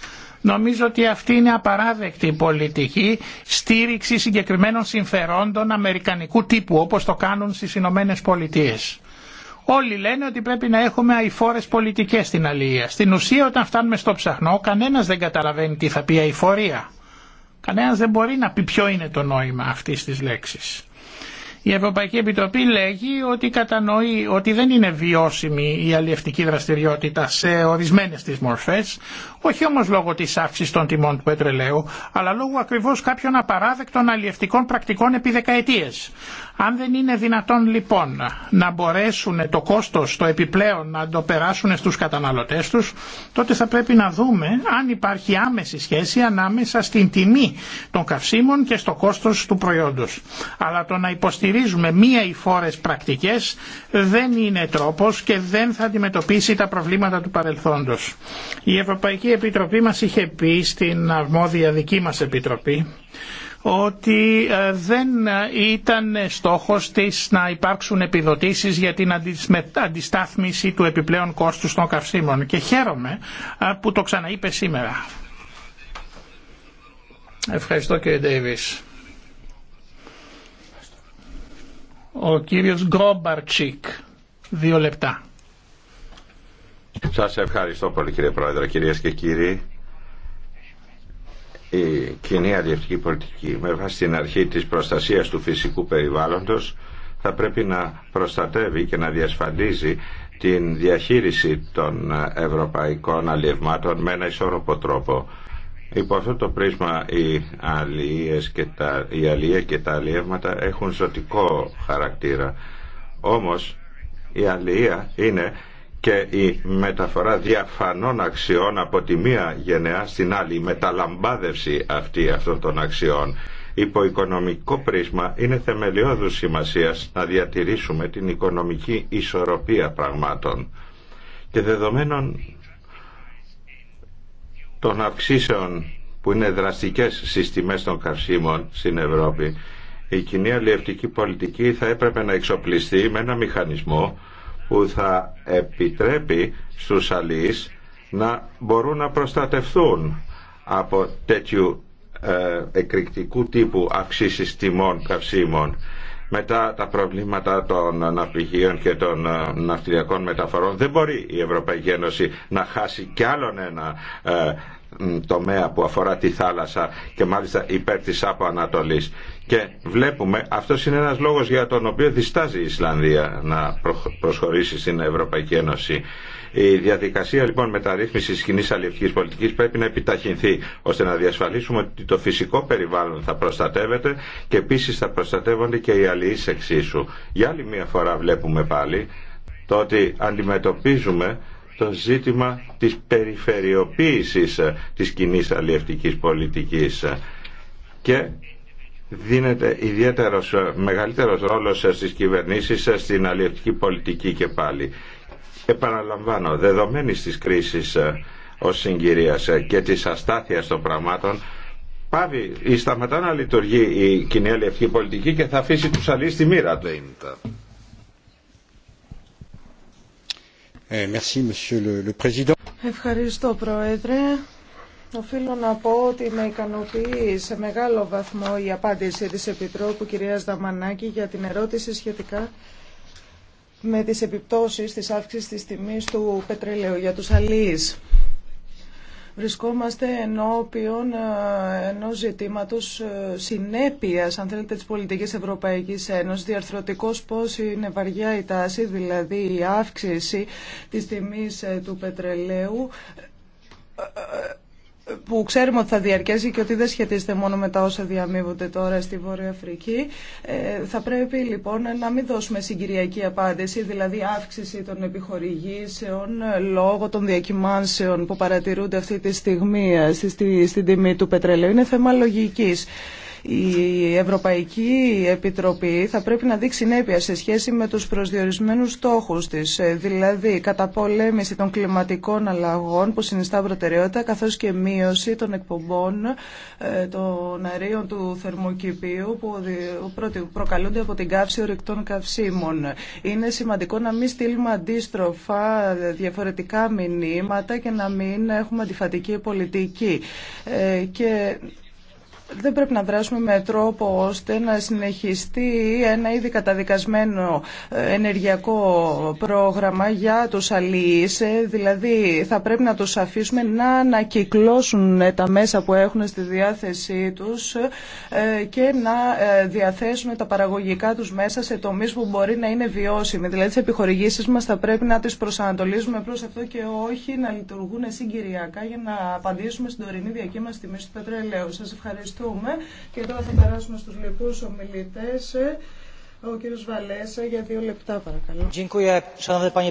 Νομίζω ότι αυτή είναι απαράδεκτη πολιτική στήριξη συγκεκριμένων συμφερόντων αμερικανικού τύπου όπως το κάνουν στις Ηνωμένε Πολιτείε. Όλοι λένε ότι πρέπει να έχουμε αηφόρες πολιτικές στην αλληλεία. Στην ουσία όταν φτάνουμε στο ψαχνό κανένας δεν καταλαβαίνει τι θα πει αηφορία. Κανένας δεν μπορεί να πει ποιο είναι το νόημα αυτής της λέξης. Η Ευρωπαϊκή Επιτροπή λέγει ότι κατανοεί ότι δεν είναι βιώσιμη η αλλιευτική δραστηριότητα σε ορισμένες τις μορφές, όχι όμως λόγω της αύξησης των τιμών του πετρελαίου, αλλά λόγω ακριβώς κάποιων απαράδεκτων αλλιευτικών πρακτικών επί δεκαετίες. Αν δεν είναι δυνατόν λοιπόν να μπορέσουν το κόστος το επιπλέον να το περάσουν στους καταναλωτές τους, τότε θα πρέπει να δούμε αν υπάρχει άμεση σχέση ανάμεσα στην τιμή των καυσίμων και στο κόστος του προϊόντος. Αλλά το να υποστηρίζουμε μία ή φόρες πρακτικές δεν είναι τρόπος και δεν θα αντιμετωπίσει τα προβλήματα του παρελθόντος. Η Ευρωπαϊκή Επιτροπή μας είχε πει στην αρμόδια δική μας Επιτροπή ότι ε, δεν ήταν στόχος της να υπάρξουν επιδοτήσεις για την αντιστάθμιση του επιπλέον κόστους των καυσίμων και χαίρομαι ε, που το ξαναείπε σήμερα. Ευχαριστώ κύριε Ντέιβις. Ο κύριος Γκρόμπαρτσικ, δύο λεπτά. Σας ευχαριστώ πολύ κύριε Πρόεδρε, κυρίες και κύριοι η κοινή αντιευτική πολιτική με βάση την αρχή της προστασίας του φυσικού περιβάλλοντος θα πρέπει να προστατεύει και να διασφαλίζει την διαχείριση των ευρωπαϊκών αλλιευμάτων με ένα ισόρροπο τρόπο. Υπό αυτό το πρίσμα οι αλλιείες και τα, η αλλιεία και τα αλλιεύματα έχουν ζωτικό χαρακτήρα. Όμως η αλλιεία είναι και η μεταφορά διαφανών αξιών από τη μία γενεά στην άλλη, η μεταλαμπάδευση αυτή αυτών των αξιών υπό οικονομικό πρίσμα είναι θεμελιώδους σημασίας να διατηρήσουμε την οικονομική ισορροπία πραγμάτων και δεδομένων των αυξήσεων που είναι δραστικές συστημές των καυσίμων στην Ευρώπη η κοινή αλλιευτική πολιτική θα έπρεπε να εξοπλιστεί με ένα μηχανισμό που θα επιτρέπει στους αλείς να μπορούν να προστατευθούν από τέτοιου ε, εκρηκτικού τύπου αυξήσει τιμών καυσίμων. Μετά τα προβλήματα των αναπηγείων και των ε, ναυτιλιακών μεταφορών δεν μπορεί η Ευρωπαϊκή Ένωση να χάσει κι άλλον ένα ε, τομέα που αφορά τη θάλασσα και μάλιστα υπέρ της από Ανατολής. Και βλέπουμε, αυτό είναι ένας λόγος για τον οποίο διστάζει η Ισλανδία να προσχωρήσει στην Ευρωπαϊκή Ένωση. Η διαδικασία λοιπόν μεταρρύθμιση κοινή αλληλευτική πολιτική πρέπει να επιταχυνθεί ώστε να διασφαλίσουμε ότι το φυσικό περιβάλλον θα προστατεύεται και επίση θα προστατεύονται και οι αλληλεί εξίσου. Για άλλη μία φορά βλέπουμε πάλι το ότι αντιμετωπίζουμε το ζήτημα της περιφερειοποίησης ε, της κοινή αλλιευτικής πολιτικής ε, και δίνεται ιδιαίτερος, ε, μεγαλύτερος ρόλος στις κυβερνήσεις στην αλλιευτική πολιτική και πάλι. Επαναλαμβάνω, δεδομένης της κρίσης ως συγκυρίας και της αστάθειας των πραγμάτων, πάβει ή σταματά να λειτουργεί η κοινή αλληλευτική αλλιευτικη πολιτικη και θα αφήσει τους αλλοί στη μοίρα του. Ε, Ευχαριστώ, Πρόεδρε. Οφείλω να πω ότι με ικανοποιεί σε μεγάλο βαθμό η απάντηση της Επιτρόπου κυρίας Δαμανάκη για την ερώτηση σχετικά με τις επιπτώσεις της αύξησης της τιμής του πετρελαίου για τους αλληλείς. Βρισκόμαστε ενώπιον ε, ενό ζητήματος ε, συνέπειας, αν θέλετε, τη πολιτική Ευρωπαϊκής Ένωση, Διαρθρωτικός πώς είναι βαριά η τάση, δηλαδή η αύξηση της τιμή ε, του πετρελαίου που ξέρουμε ότι θα διαρκέσει και ότι δεν σχετίζεται μόνο με τα όσα διαμείβονται τώρα στη Βόρεια Αφρική. Ε, θα πρέπει λοιπόν να μην δώσουμε συγκυριακή απάντηση, δηλαδή αύξηση των επιχορηγήσεων ε, λόγω των διακυμάνσεων που παρατηρούνται αυτή τη στιγμή ε, στη, στη, στην τιμή του πετρελαίου. Είναι θέμα λογικής. Η Ευρωπαϊκή Επιτροπή θα πρέπει να δείξει συνέπεια σε σχέση με τους προσδιορισμένους στόχους της, ε, δηλαδή καταπολέμηση των κλιματικών αλλαγών που συνιστά προτεραιότητα, καθώς και μείωση των εκπομπών ε, των αερίων του θερμοκηπίου που προκαλούνται από την καύση ορυκτών καυσίμων. Είναι σημαντικό να μην στείλουμε αντίστροφα διαφορετικά μηνύματα και να μην έχουμε αντιφατική πολιτική. Ε, δεν πρέπει να δράσουμε με τρόπο ώστε να συνεχιστεί ένα ήδη καταδικασμένο ε, ενεργειακό πρόγραμμα για τους αλληλείς. Ε, δηλαδή θα πρέπει να τους αφήσουμε να ανακυκλώσουν ε, τα μέσα που έχουν στη διάθεσή τους και να διαθέσουμε τα παραγωγικά τους μέσα σε τομείς που μπορεί να είναι βιώσιμοι. Δηλαδή τις επιχορηγήσεις μας θα πρέπει να τις προσανατολίζουμε προς αυτό και όχι να λειτουργούν συγκυριακά για να απαντήσουμε στην τωρινή διακύμαση τιμή του πετρελαίου. Σας ευχαριστώ ευχαριστούμε. Και τώρα θα περάσουμε στους λοιπούς ομιλητές. Ο κύριος Βαλέσα για δύο λεπτά παρακαλώ.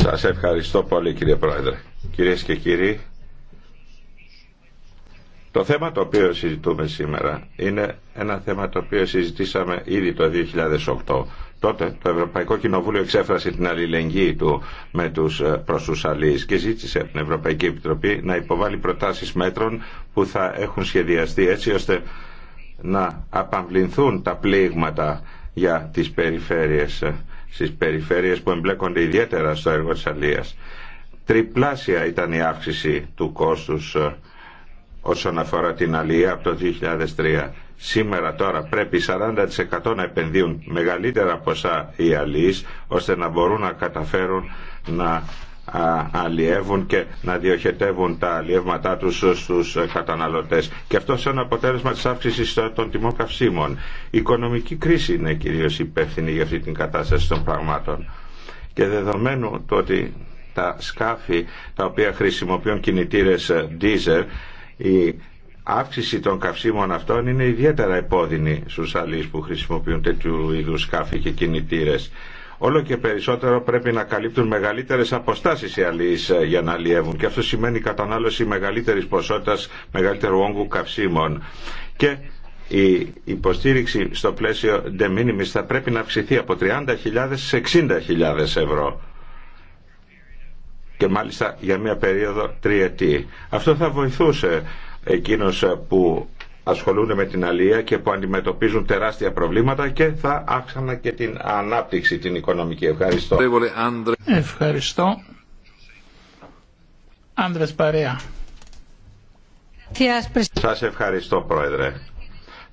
Σας ευχαριστώ πολύ κύριε Πρόεδρε. Κυρίες και κύριοι, το θέμα το οποίο συζητούμε σήμερα είναι ένα θέμα το οποίο συζητήσαμε ήδη το 2008 Τότε το Ευρωπαϊκό Κοινοβούλιο εξέφρασε την αλληλεγγύη του με τους ε, προς και ζήτησε από την Ευρωπαϊκή Επιτροπή να υποβάλει προτάσεις μέτρων που θα έχουν σχεδιαστεί έτσι ώστε να απαμβληθούν τα πλήγματα για τις περιφέρειες ε, στις περιφέρειες που εμπλέκονται ιδιαίτερα στο έργο της αλίας. Τριπλάσια ήταν η αύξηση του κόστους ε, όσον αφορά την αλία από το 2003 σήμερα τώρα πρέπει 40% να επενδύουν μεγαλύτερα ποσά οι αλληλείς ώστε να μπορούν να καταφέρουν να αλλιεύουν και να διοχετεύουν τα αλλιεύματά τους στους ε, καταναλωτές. Και αυτό σαν αποτέλεσμα της αύξησης των τιμών καυσίμων. Η οικονομική κρίση είναι κυρίως υπεύθυνη για αυτή την κατάσταση των πραγμάτων. Και δεδομένου το ότι τα σκάφη τα οποία χρησιμοποιούν κινητήρες ε, diesel, αύξηση των καυσίμων αυτών είναι ιδιαίτερα επώδυνη στους αλείς που χρησιμοποιούν τέτοιου είδους σκάφη και κινητήρες. Όλο και περισσότερο πρέπει να καλύπτουν μεγαλύτερες αποστάσεις οι αλείς ε, για να αλλιεύουν και αυτό σημαίνει κατανάλωση μεγαλύτερης ποσότητας, μεγαλύτερου όγκου καυσίμων. Και η υποστήριξη στο πλαίσιο de minimis θα πρέπει να αυξηθεί από 30.000 σε 60.000 ευρώ και μάλιστα για μια περίοδο τριετή. Αυτό θα βοηθούσε εκείνους ε, που ασχολούνται με την αλία και που αντιμετωπίζουν τεράστια προβλήματα και θα άξανα και την ανάπτυξη την οικονομική. Ευχαριστώ. Ευχαριστώ. Άνδρες Παρέα. Σας ευχαριστώ Πρόεδρε.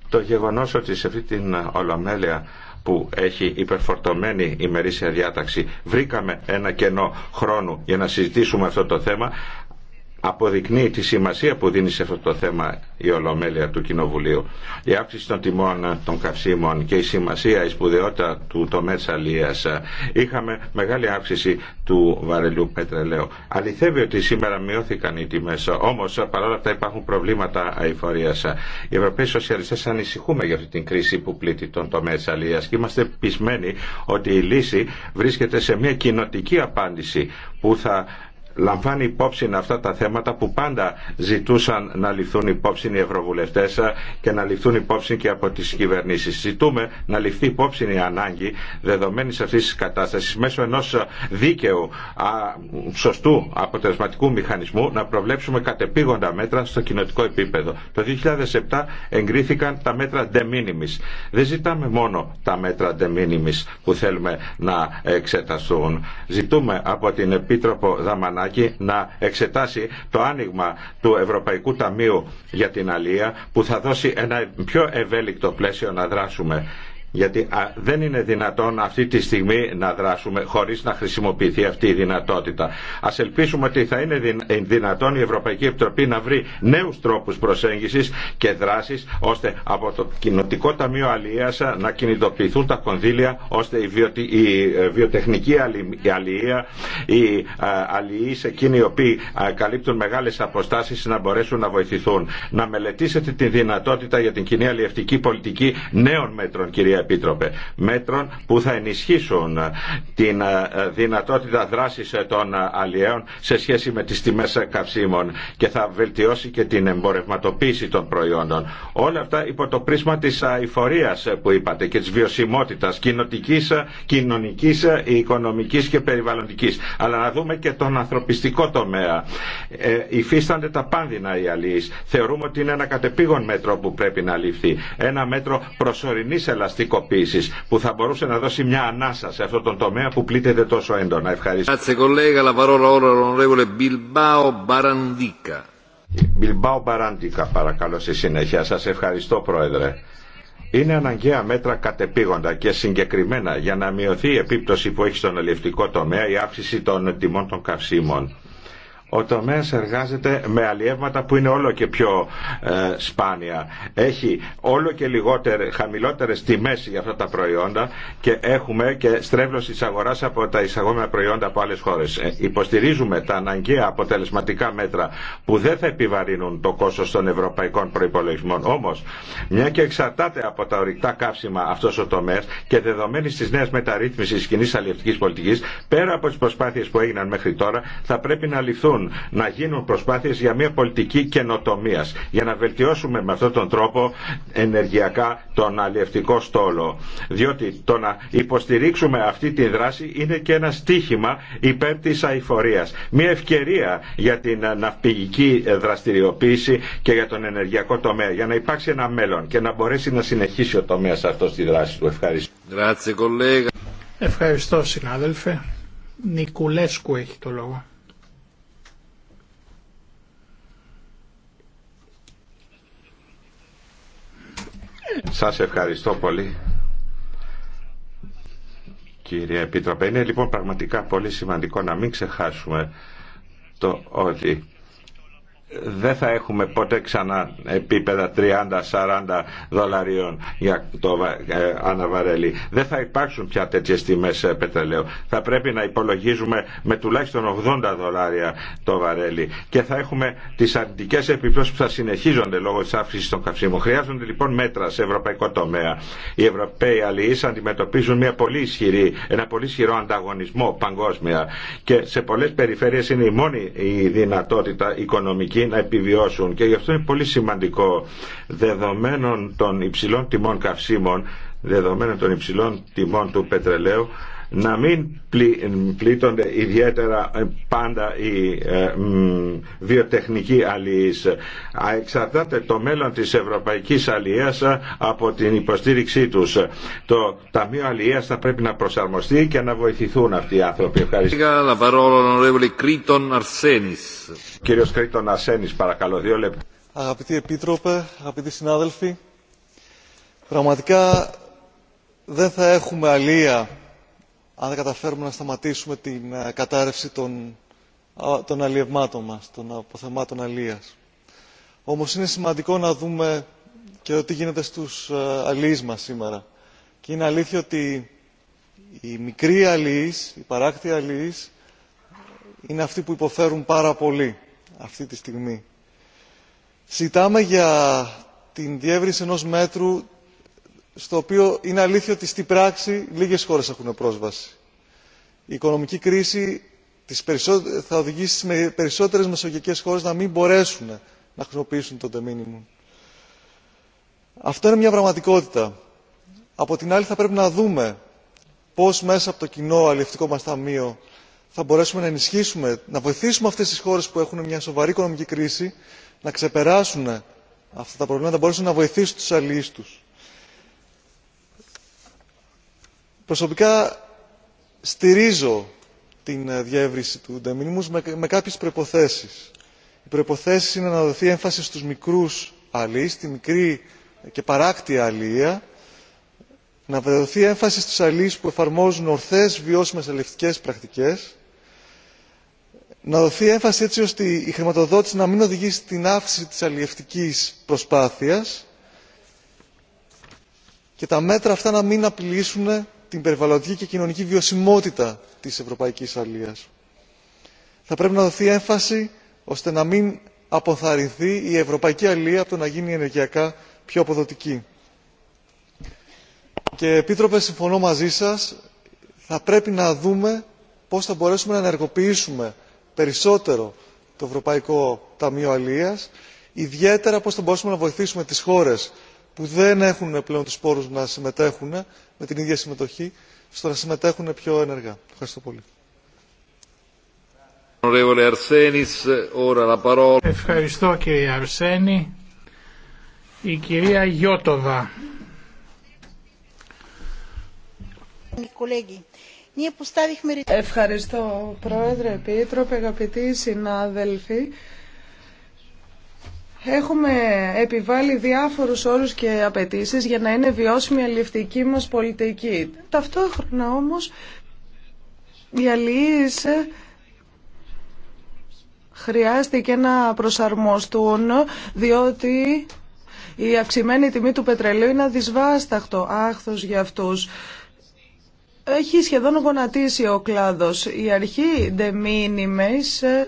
Το γεγονός ότι σε αυτή την Ολομέλεια που έχει υπερφορτωμένη ημερήσια διάταξη βρήκαμε ένα κενό χρόνου για να συζητήσουμε αυτό το θέμα αποδεικνύει τη σημασία που δίνει σε αυτό το θέμα η Ολομέλεια του Κοινοβουλίου. Η αύξηση των τιμών των καυσίμων και η σημασία, η σπουδαιότητα του τομέα τη Είχαμε μεγάλη αύξηση του βαρελιού πετρελαίου. Αληθεύει ότι σήμερα μειώθηκαν οι τιμέ, όμω παρόλα αυτά υπάρχουν προβλήματα αηφορία. Οι Ευρωπαίοι Σοσιαλιστέ ανησυχούμε για αυτή την κρίση που πλήττει τον τομέα τη αλεία και είμαστε πεισμένοι ότι η λύση βρίσκεται σε μια κοινοτική απάντηση που θα λαμβάνει υπόψη αυτά τα θέματα που πάντα ζητούσαν να ληφθούν υπόψη οι ευρωβουλευτέ ε, και να ληφθούν υπόψη και από τι κυβερνήσει. Ζητούμε να ληφθεί υπόψη η ανάγκη δεδομένη αυτή τη κατάσταση μέσω ενό δίκαιου, σωστού, αποτελεσματικού μηχανισμού να προβλέψουμε κατεπήγοντα μέτρα στο κοινοτικό επίπεδο. Το 2007 εγκρίθηκαν τα μέτρα de minimis. Δεν ζητάμε μόνο τα μέτρα de minimis που θέλουμε να εξεταστούν. Ζητούμε από την Επίτροπο Δαμανά να εξετάσει το άνοιγμα του Ευρωπαϊκού Ταμείου για την Αλία που θα δώσει ένα πιο ευέλικτο πλαίσιο να δράσουμε γιατί δεν είναι δυνατόν αυτή τη στιγμή να δράσουμε χωρίς να χρησιμοποιηθεί αυτή η δυνατότητα. Ας ελπίσουμε ότι θα είναι ε, δυνατόν η Ευρωπαϊκή Επιτροπή να βρει νέους τρόπους προσέγγισης και δράσης ώστε από το Κοινοτικό Ταμείο Αλληλείας να κινητοποιηθούν τα κονδύλια ώστε η, η ε, βιοτεχνική αλληλεία, οι ε, αλληλείς εκείνοι οι οποίοι καλύπτουν μεγάλες αποστάσεις να μπορέσουν να βοηθηθούν. Να μελετήσετε τη δυνατότητα για την κοινή αλληλευτική πολιτική νέων μέτρων κυρία Επίτροπε, μέτρων που θα ενισχύσουν ε, την ε, δυνατότητα δράσης ε, των αλλιέων σε σχέση με τις τιμές καυσίμων και θα βελτιώσει και την εμπορευματοποίηση των προϊόντων. Όλα αυτά υπό το πρίσμα της αηφορίας που είπατε και της βιωσιμότητας κοινοτική, κοινωνικής, οικονομικής και περιβαλλοντικής. Αλλά να δούμε και τον ανθρωπιστικό τομέα. Ε, υφίστανται τα πάνδυνα οι αλλιείς. Θεωρούμε ότι είναι ένα κατεπήγον μέτρο που πρέπει να ληφθεί. Ένα μέτρο προσωρινής ελαστικότητας που θα μπορούσε να δώσει μια ανάσα σε αυτό τον τομέα που πλήττεται τόσο έντονα. Ευχαριστώ. Μπιλμπάο Μπαραντίκα παρακαλώ στη συνέχεια. Σας ευχαριστώ Πρόεδρε. Είναι αναγκαία μέτρα κατεπήγοντα και συγκεκριμένα για να μειωθεί η επίπτωση που έχει στον αλληλευτικό τομέα η αύξηση των τιμών των καυσίμων. Ο τομέα εργάζεται με αλλιεύματα που είναι όλο και πιο ε, σπάνια. Έχει όλο και λιγότερε, χαμηλότερες τιμές για αυτά τα προϊόντα και έχουμε και στρέβλωση τη αγορά από τα εισαγόμενα προϊόντα από άλλε χώρε. Ε, υποστηρίζουμε τα αναγκαία αποτελεσματικά μέτρα που δεν θα επιβαρύνουν το κόστος των ευρωπαϊκών προπολογισμών. Όμω, μια και εξαρτάται από τα ορυκτά καύσιμα αυτό ο τομέα και δεδομένη τη νέα μεταρρύθμιση κοινή αλλιευτική πολιτική, πέρα από τι προσπάθειε που έγιναν μέχρι τώρα, θα πρέπει να ληφθούν να γίνουν προσπάθειες για μια πολιτική καινοτομία για να βελτιώσουμε με αυτόν τον τρόπο ενεργειακά τον αλλιευτικό στόλο. Διότι το να υποστηρίξουμε αυτή τη δράση είναι και ένα στίχημα υπέρ της αηφορίας. Μια ευκαιρία για την ναυπηγική δραστηριοποίηση και για τον ενεργειακό τομέα για να υπάρξει ένα μέλλον και να μπορέσει να συνεχίσει ο τομέας αυτός τη δράση του. Ευχαριστώ. Ευχαριστώ συνάδελφε. Νικουλέσκου έχει το λόγο. Σας ευχαριστώ πολύ. Κύριε Επίτροπε, είναι λοιπόν πραγματικά πολύ σημαντικό να μην ξεχάσουμε το ότι δεν θα έχουμε ποτέ ξανά επίπεδα 30-40 δολαρίων για το ε, αναβαρελί. Δεν θα υπάρξουν πια τέτοιε τιμέ ε, πετρελαίου. Θα πρέπει να υπολογίζουμε με τουλάχιστον 80 δολάρια το βαρέλι. Και θα έχουμε τι αρνητικέ επιπτώσει που θα συνεχίζονται λόγω τη αύξηση των καυσίμων. Χρειάζονται λοιπόν μέτρα σε ευρωπαϊκό τομέα. Οι Ευρωπαίοι αλληλεί αντιμετωπίζουν μια πολύ ένα πολύ ισχυρό ανταγωνισμό παγκόσμια. Και σε πολλέ περιφέρειε είναι η μόνη η δυνατότητα οικονομική εκεί να επιβιώσουν και γι' αυτό είναι πολύ σημαντικό δεδομένων των υψηλών τιμών καυσίμων δεδομένων των υψηλών τιμών του πετρελαίου να μην πλήττονται ιδιαίτερα ε, πάντα οι ε, βιοτεχνικοί αλληλείς. Εξαρτάται το μέλλον της Ευρωπαϊκής Αλληλείας ε, από την υποστήριξή τους. Το Ταμείο Αλληλείας θα πρέπει να προσαρμοστεί και να βοηθηθούν αυτοί οι άνθρωποι. Ευχαριστώ. Κύριος Κρήτον Αρσένης, παρακαλώ, δύο λεπτά. Αγαπητοί Επίτροπε, αγαπητοί συνάδελφοι, πραγματικά δεν θα έχουμε αλία αν δεν καταφέρουμε να σταματήσουμε την ε, κατάρρευση των, των αλλιευμάτων μας, των αποθεμάτων αλίας. Όμως είναι σημαντικό να δούμε και το τι γίνεται στους ε, αλίες μας σήμερα. Και είναι αλήθεια ότι οι μικροί αλίες, οι παράκτη αλίες, είναι αυτοί που υποφέρουν πάρα πολύ αυτή τη στιγμή. Συντάμε για την διεύρυνση ενός μέτρου στο οποίο είναι αλήθεια ότι στην πράξη λίγες χώρες έχουν πρόσβαση. η οικονομική κρίση θα οδηγήσει τις περισσότερες μεσογειακές χώρες να μην μπορέσουν να χρησιμοποιήσουν το de minimis. αυτό είναι μια πραγματικότητα. από την άλλη θα πρέπει να δούμε πώς μέσα από το κοινό αλληλευτικό μας ταμείο θα μπορέσουμε να ενισχύσουμε να βοηθήσουμε αυτές τις χώρες που έχουν μια σοβαρή οικονομική κρίση να ξεπεράσουν αυτά τα προβλήματα να μπορέσουν να βοηθήσουν τους αλληλείς τους. προσωπικά στηρίζω την ε, διεύρυνση του de με κάποιες προϋποθέσεις. οι προϋποθέσεις είναι να δοθεί έμφαση στους μικρούς αλείς στη μικρή και παράκτια αλεία να δοθεί έμφαση στους αλείς που εφαρμόζουν ορθές βιώσιμες αλληλευτικές πρακτικές να δοθεί έμφαση έτσι ώστε η χρηματοδότηση να μην οδηγεί στην αύξηση της αλληλευτικής προσπάθειας και τα μέτρα αυτά να μην απειλήσουν την περιβαλλοντική και κοινωνική βιωσιμότητα της ευρωπαϊκής αλίας. Θα πρέπει να δοθεί έμφαση ώστε να μην αποθαρρυνθεί η ευρωπαϊκή αλία από το να γίνει ενεργειακά πιο αποδοτική. Και Επίτροπε, συμφωνώ μαζί σας, θα πρέπει να δούμε πώς θα μπορέσουμε να ενεργοποιήσουμε περισσότερο το Ευρωπαϊκό Ταμείο Αλίας, ιδιαίτερα πώς θα μπορέσουμε να βοηθήσουμε τις χώρες που δεν έχουν πλέον τους πόρους να συμμετέχουν με την ίδια συμμετοχή στο να συμμετέχουν πιο ενεργά. Ευχαριστώ πολύ. Ευχαριστώ κύριε Αρσένη. Η κυρία Γιώτοβα. Ευχαριστώ πρόεδρε, επίτροπε, αγαπητοί συνάδελφοι. Έχουμε επιβάλει διάφορους όρους και απαιτήσεις για να είναι βιώσιμη η αλληλευτική μας πολιτική. Ταυτόχρονα όμως οι αλληλείς χρειάστηκε να προσαρμοστούν διότι η αυξημένη τιμή του πετρελαίου είναι αδυσβάσταχτο άχθος για αυτούς. Έχει σχεδόν γονατίσει ο κλάδος. Η αρχή de minimis ε,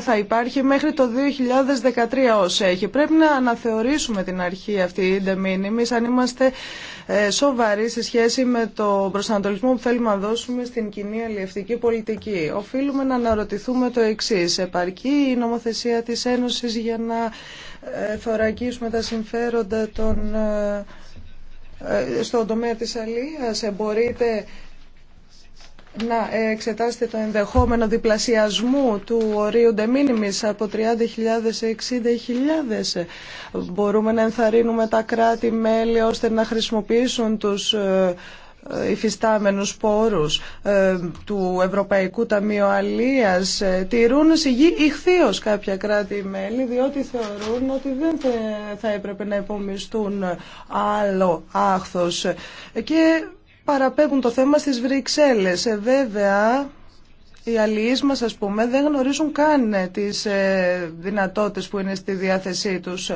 θα υπάρχει μέχρι το 2013 ως έχει. Πρέπει να αναθεωρήσουμε την αρχή αυτή de minimis, αν είμαστε ε, σοβαροί σε σχέση με το προσανατολισμό που θέλουμε να δώσουμε στην κοινή αλληλευτική πολιτική. Οφείλουμε να αναρωτηθούμε το εξή. Επαρκεί η νομοθεσία της Ένωσης για να ε, θωρακίσουμε τα συμφέροντα των ε, στον τομέα της μπορείτε να εξετάσετε το ενδεχόμενο διπλασιασμού του ορίου de minimis από 30.000 σε 60.000. Μπορούμε να ενθαρρύνουμε τα κράτη-μέλη ώστε να χρησιμοποιήσουν τους ε, υφιστάμενους πόρους ε, του Ευρωπαϊκού Ταμείου Αλίας ε, τηρούν σιγή ηχθείως κάποια κράτη-μέλη διότι θεωρούν ότι δεν θα έπρεπε να υπομιστούν άλλο άχθος ε, και παραπέμπουν το θέμα στις Βρυξέλλες. Ε, βέβαια, οι αλληλείς μας, ας πούμε, δεν γνωρίζουν καν ε, τις ε, δυνατότητες που είναι στη διάθεσή τους.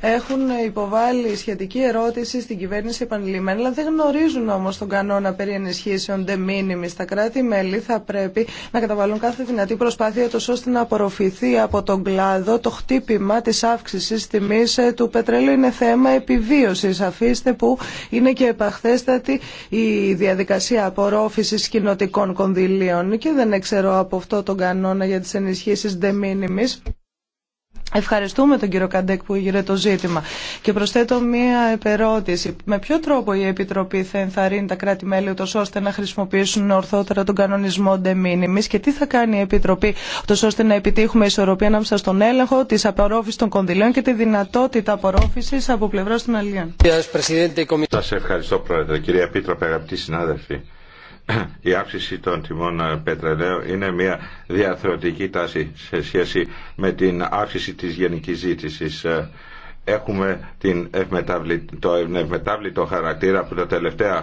Έχουν υποβάλει σχετική ερώτηση στην κυβέρνηση επανειλημμένη, αλλά δεν γνωρίζουν όμως τον κανόνα περί ενισχύσεων de minimis. Τα κράτη-μέλη θα πρέπει να καταβαλούν κάθε δυνατή προσπάθεια τους ώστε να απορροφηθεί από τον κλάδο το χτύπημα της αύξησης τιμής ε, του πετρέλαιου. Είναι θέμα επιβίωσης. Αφήστε που είναι και επαχθέστατη η διαδικασία απορρόφησης κοινοτικών κονδυλίων και δεν ξέρω από αυτό τον κανόνα για τις ενισχύσεις de Ευχαριστούμε τον κύριο Καντέκ που γύρε το ζήτημα. Και προσθέτω μία επερώτηση. Με ποιο τρόπο η Επιτροπή θα ενθαρρύνει τα κράτη-μέλη ούτως ώστε να χρησιμοποιήσουν ορθότερα τον κανονισμό de και τι θα κάνει η Επιτροπή ούτως ώστε να επιτύχουμε ισορροπία ανάμεσα στον έλεγχο της απορρόφησης των κονδυλίων και τη δυνατότητα απορρόφησης από πλευρά των αλλιών. Σα ευχαριστώ Πρόεδρε, κυρία Επίτροπε, αγαπητοί συνάδελφοι η αύξηση των τιμών ε, πετρελαίου είναι μια διαθροτική τάση σε σχέση με την αύξηση της γενικής ζήτησης. Ε, έχουμε την το ευμετάβλητο χαρακτήρα που τα τελευταία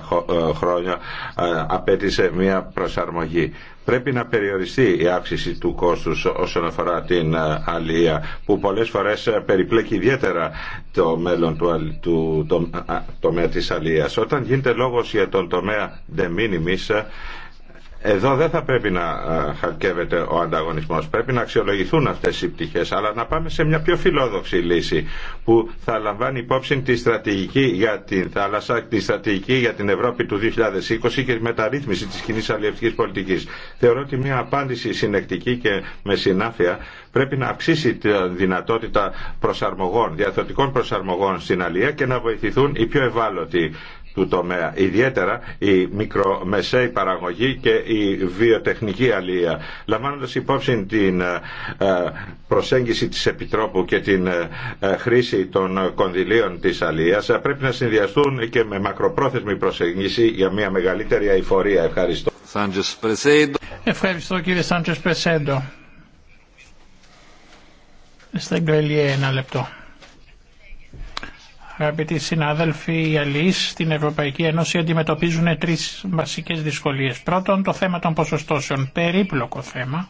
ε, χρόνια ε, απέτησε μια προσαρμογή. Πρέπει να περιοριστεί η αύξηση του κόστους όσον αφορά την ε, αλληλεία που πολλές φορές περιπλέκει ιδιαίτερα το μέλλον του, του τομέα της αλληλείας. Όταν γίνεται λόγος για τον τομέα de minimis, εδώ δεν θα πρέπει να ε, χαρκεύεται ο ανταγωνισμός. Πρέπει να αξιολογηθούν αυτές οι πτυχές, αλλά να πάμε σε μια πιο φιλόδοξη λύση που θα λαμβάνει υπόψη τη στρατηγική για την θάλασσα, τη στρατηγική για την Ευρώπη του 2020 και τη μεταρρύθμιση της κοινή αλληλευτικής πολιτικής. Θεωρώ ότι μια απάντηση συνεκτική και με συνάφεια πρέπει να αυξήσει τη δυνατότητα προσαρμογών, διαθετικών προσαρμογών στην Αλία και να βοηθηθούν οι πιο ευάλωτοι του τομέα. Ιδιαίτερα η μικρομεσαίη παραγωγή και η βιοτεχνική αλληλεία. Λαμβάνοντας υπόψη την ε, προσέγγιση της Επιτρόπου και την ε, ε, χρήση των κονδυλίων της αλληλείας πρέπει να συνδυαστούν και με μακροπρόθεσμη προσέγγιση για μια μεγαλύτερη αηφορία. Ευχαριστώ. Ευχαριστώ κύριε Σάντζες Πρεσέντο. Στα ένα λεπτό. Αγαπητοί συνάδελφοι, οι αλληλεί στην Ευρωπαϊκή Ένωση αντιμετωπίζουν τρει βασικές δυσκολίε. Πρώτον, το θέμα των ποσοστώσεων, περίπλοκο θέμα,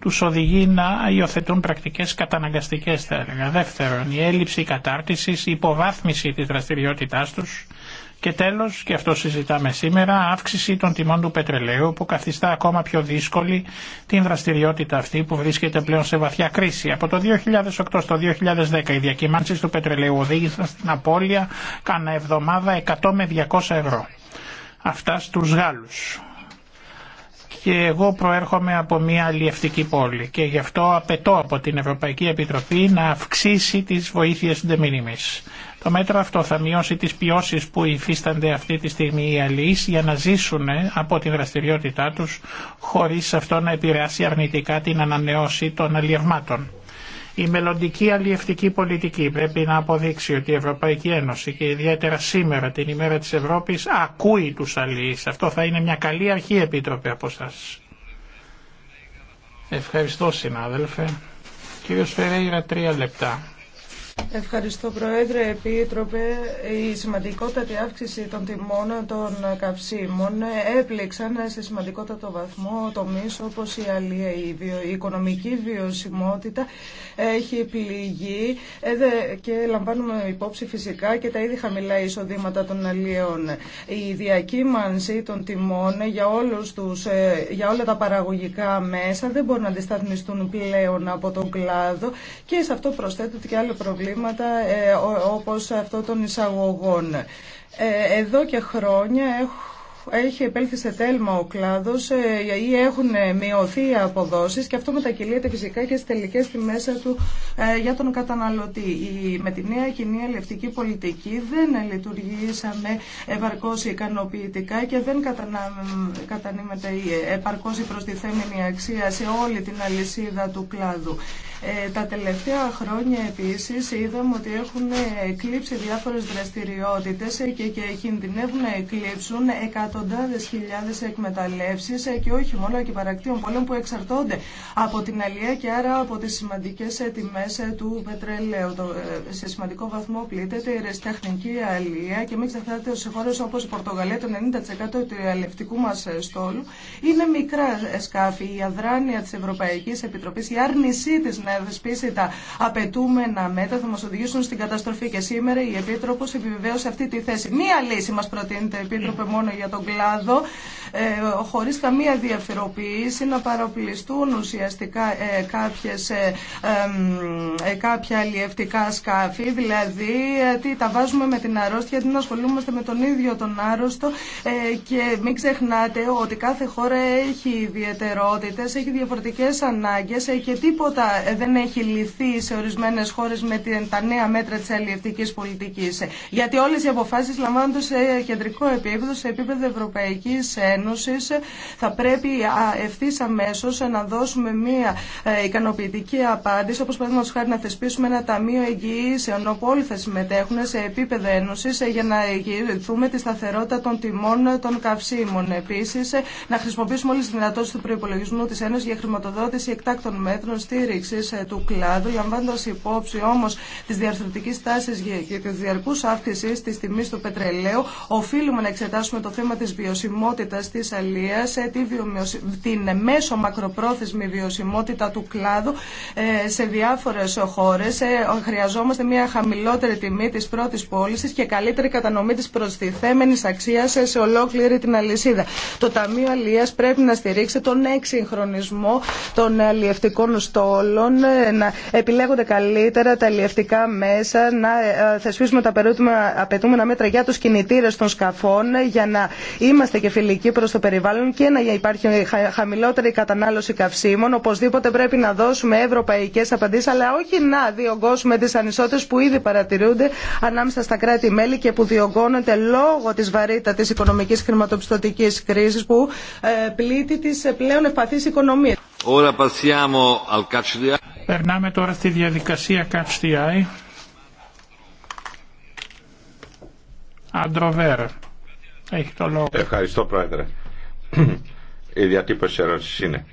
τους οδηγεί να υιοθετούν πρακτικές καταναγκαστικέ. θα έλεγα. Δεύτερον, η έλλειψη κατάρτιση, η υποβάθμιση τη δραστηριότητά του. Και τέλος, και αυτό συζητάμε σήμερα, αύξηση των τιμών του πετρελαίου που καθιστά ακόμα πιο δύσκολη την δραστηριότητα αυτή που βρίσκεται πλέον σε βαθιά κρίση. Από το 2008 στο 2010 οι διακυμάνσεις του πετρελαίου οδήγησαν στην απώλεια κάνα εβδομάδα 100 με 200 ευρώ. Αυτά στους Γάλλους και εγώ προέρχομαι από μια αλλιευτική πόλη και γι' αυτό απαιτώ από την Ευρωπαϊκή Επιτροπή να αυξήσει τις βοήθειες ντεμίνιμης. Το μέτρο αυτό θα μειώσει τις ποιώσεις που υφίστανται αυτή τη στιγμή οι αλληλείς για να ζήσουν ε, από την δραστηριότητά τους χωρίς αυτό να επηρεάσει αρνητικά την ανανεώση των αλλιευμάτων. Η μελλοντική αλλιευτική πολιτική πρέπει να αποδείξει ότι η Ευρωπαϊκή Ένωση και ιδιαίτερα σήμερα την ημέρα της Ευρώπης ακούει τους αλληλείς. Αυτό θα είναι μια καλή αρχή επίτροπε από σας. Ευχαριστώ συνάδελφε. Κύριος Φερέιρα τρία λεπτά. Ευχαριστώ Πρόεδρε, Επίτροπε. Η σημαντικότατη αύξηση των τιμών των καυσίμων έπληξαν σε σημαντικότατο βαθμό τομεί όπως η αλληλεγγύη. η, η οικονομική βιωσιμότητα έχει πληγεί ε, και λαμβάνουμε υπόψη φυσικά και τα ήδη χαμηλά εισοδήματα των αλίων. Η διακύμανση των τιμών για, όλους τους, ε, για όλα τα παραγωγικά μέσα δεν μπορούν να αντισταθμιστούν πλέον από τον κλάδο και σε αυτό προσθέτουν και άλλο προβλήμα προβλήματα ε, όπως αυτό των εισαγωγών. Ε, εδώ και χρόνια έχω έχει επέλθει σε τέλμα ο κλάδο ε, ή έχουν μειωθεί οι αποδόσει και αυτό μετακυλείται φυσικά και στι τελικέ τιμέ του ε, για τον καταναλωτή. Με τη νέα κοινή ελευτική πολιτική δεν λειτουργήσαμε επαρκώ ικανοποιητικά και δεν κατανείμεται επαρκώ η προστιθέμενη αξία σε όλη την αλυσίδα του κλάδου. Ε, τα τελευταία χρόνια επίσης είδαμε ότι έχουν εκλείψει διάφορες δραστηριότητες και κινδυνεύουν να εκλείψουν εκατοντάδε χιλιάδε εκμεταλλεύσεις ε, και όχι μόνο και παρακτήων πολλών που εξαρτώνται από την αλληλεία και άρα από τι σημαντικέ ε, τιμέ ε, του πετρέλαιου. Σε σημαντικό βαθμό πλήττεται η ρεσταχνική αλληλεία και μην ξεχνάτε ότι σε χώρε όπω η Πορτογαλία το 90% του αλευτικού μα στόλου είναι μικρά σκάφη. Η αδράνεια τη Ευρωπαϊκή Επιτροπή, η άρνησή τη να δεσπίσει τα απαιτούμενα μέτρα θα μα οδηγήσουν στην καταστροφή και σήμερα η Επίτροπο επιβεβαίωσε αυτή τη θέση. Μία λύση μα προτείνεται, Επίτροπε, μόνο για τον στον κλάδο ε, χωρίς καμία διαφεροποίηση να παραπληστούν ουσιαστικά ε, κάποιες, ε, κάποια αλλιευτικά σκάφη. Δηλαδή τι τα βάζουμε με την αρρώστια, την να ασχολούμαστε με τον ίδιο τον άρρωστο και μην ξεχνάτε ότι κάθε χώρα έχει ιδιαιτερότητες, έχει διαφορετικές ανάγκες και τίποτα δεν έχει λυθεί σε ορισμένες χώρες με τα νέα μέτρα της αλλιευτικής πολιτικής. Γιατί όλες οι αποφάσεις λαμβάνονται σε κεντρικό επίπεδο, σε επίπεδο Ευρωπαϊκής Ένωσης θα πρέπει ευθύ αμέσω να δώσουμε μία ε, ικανοποιητική απάντηση, όπως παραδείγματο χάρη να θεσπίσουμε ένα ταμείο εγγυήσεων όπου όλοι θα συμμετέχουν σε επίπεδο Ένωσης ε, για να εγγυηθούμε τη σταθερότητα των τιμών ε, των καυσίμων. Επίσης, να χρησιμοποιήσουμε όλες τις δυνατότητες του προϋπολογισμού της Ένωσης για χρηματοδότηση εκτάκτων μέτρων στήριξης του κλάδου, λαμβάνοντας υπόψη όμως της διαρθρωτικής τάσης και της διαρκούς αύξησης της τιμής του πετρελαίου, οφείλουμε να εξετάσουμε το θέμα Τη βιωσιμότητας της αλίας, ε, την μέσο μακροπρόθεσμη βιωσιμότητα του κλάδου ε, σε διάφορες χώρες. Ε, χρειαζόμαστε μια χαμηλότερη τιμή της πρώτης πώληση και καλύτερη κατανομή της προστιθέμενης αξίας σε ολόκληρη την αλυσίδα. Το Ταμείο Αλίας πρέπει να στηρίξει τον εξυγχρονισμό των αλλιευτικών στόλων, να επιλέγονται καλύτερα τα αλλιευτικά μέσα, να θεσπίσουμε τα απαιτούμενα μέτρα για τους κινητήρες των σκαφών για να είμαστε και φιλικοί προ το περιβάλλον και να υπάρχει χαμηλότερη κατανάλωση καυσίμων. Οπωσδήποτε πρέπει να δώσουμε ευρωπαϊκέ απαντήσει, αλλά όχι να διωγγώσουμε τι ανισότητε που ήδη παρατηρούνται ανάμεσα στα κράτη-μέλη και που διωγγώνονται λόγω τη βαρύτητα τη οικονομική χρηματοπιστωτική κρίση που ε, πλήττει τι ε, πλέον ευπαθεί οικονομίε. Περνάμε τώρα στη διαδικασία Catch the Αντροβέρ. Έχει το λόγο. Ευχαριστώ Πρόεδρε. Η διατύπωση ερώτηση είναι.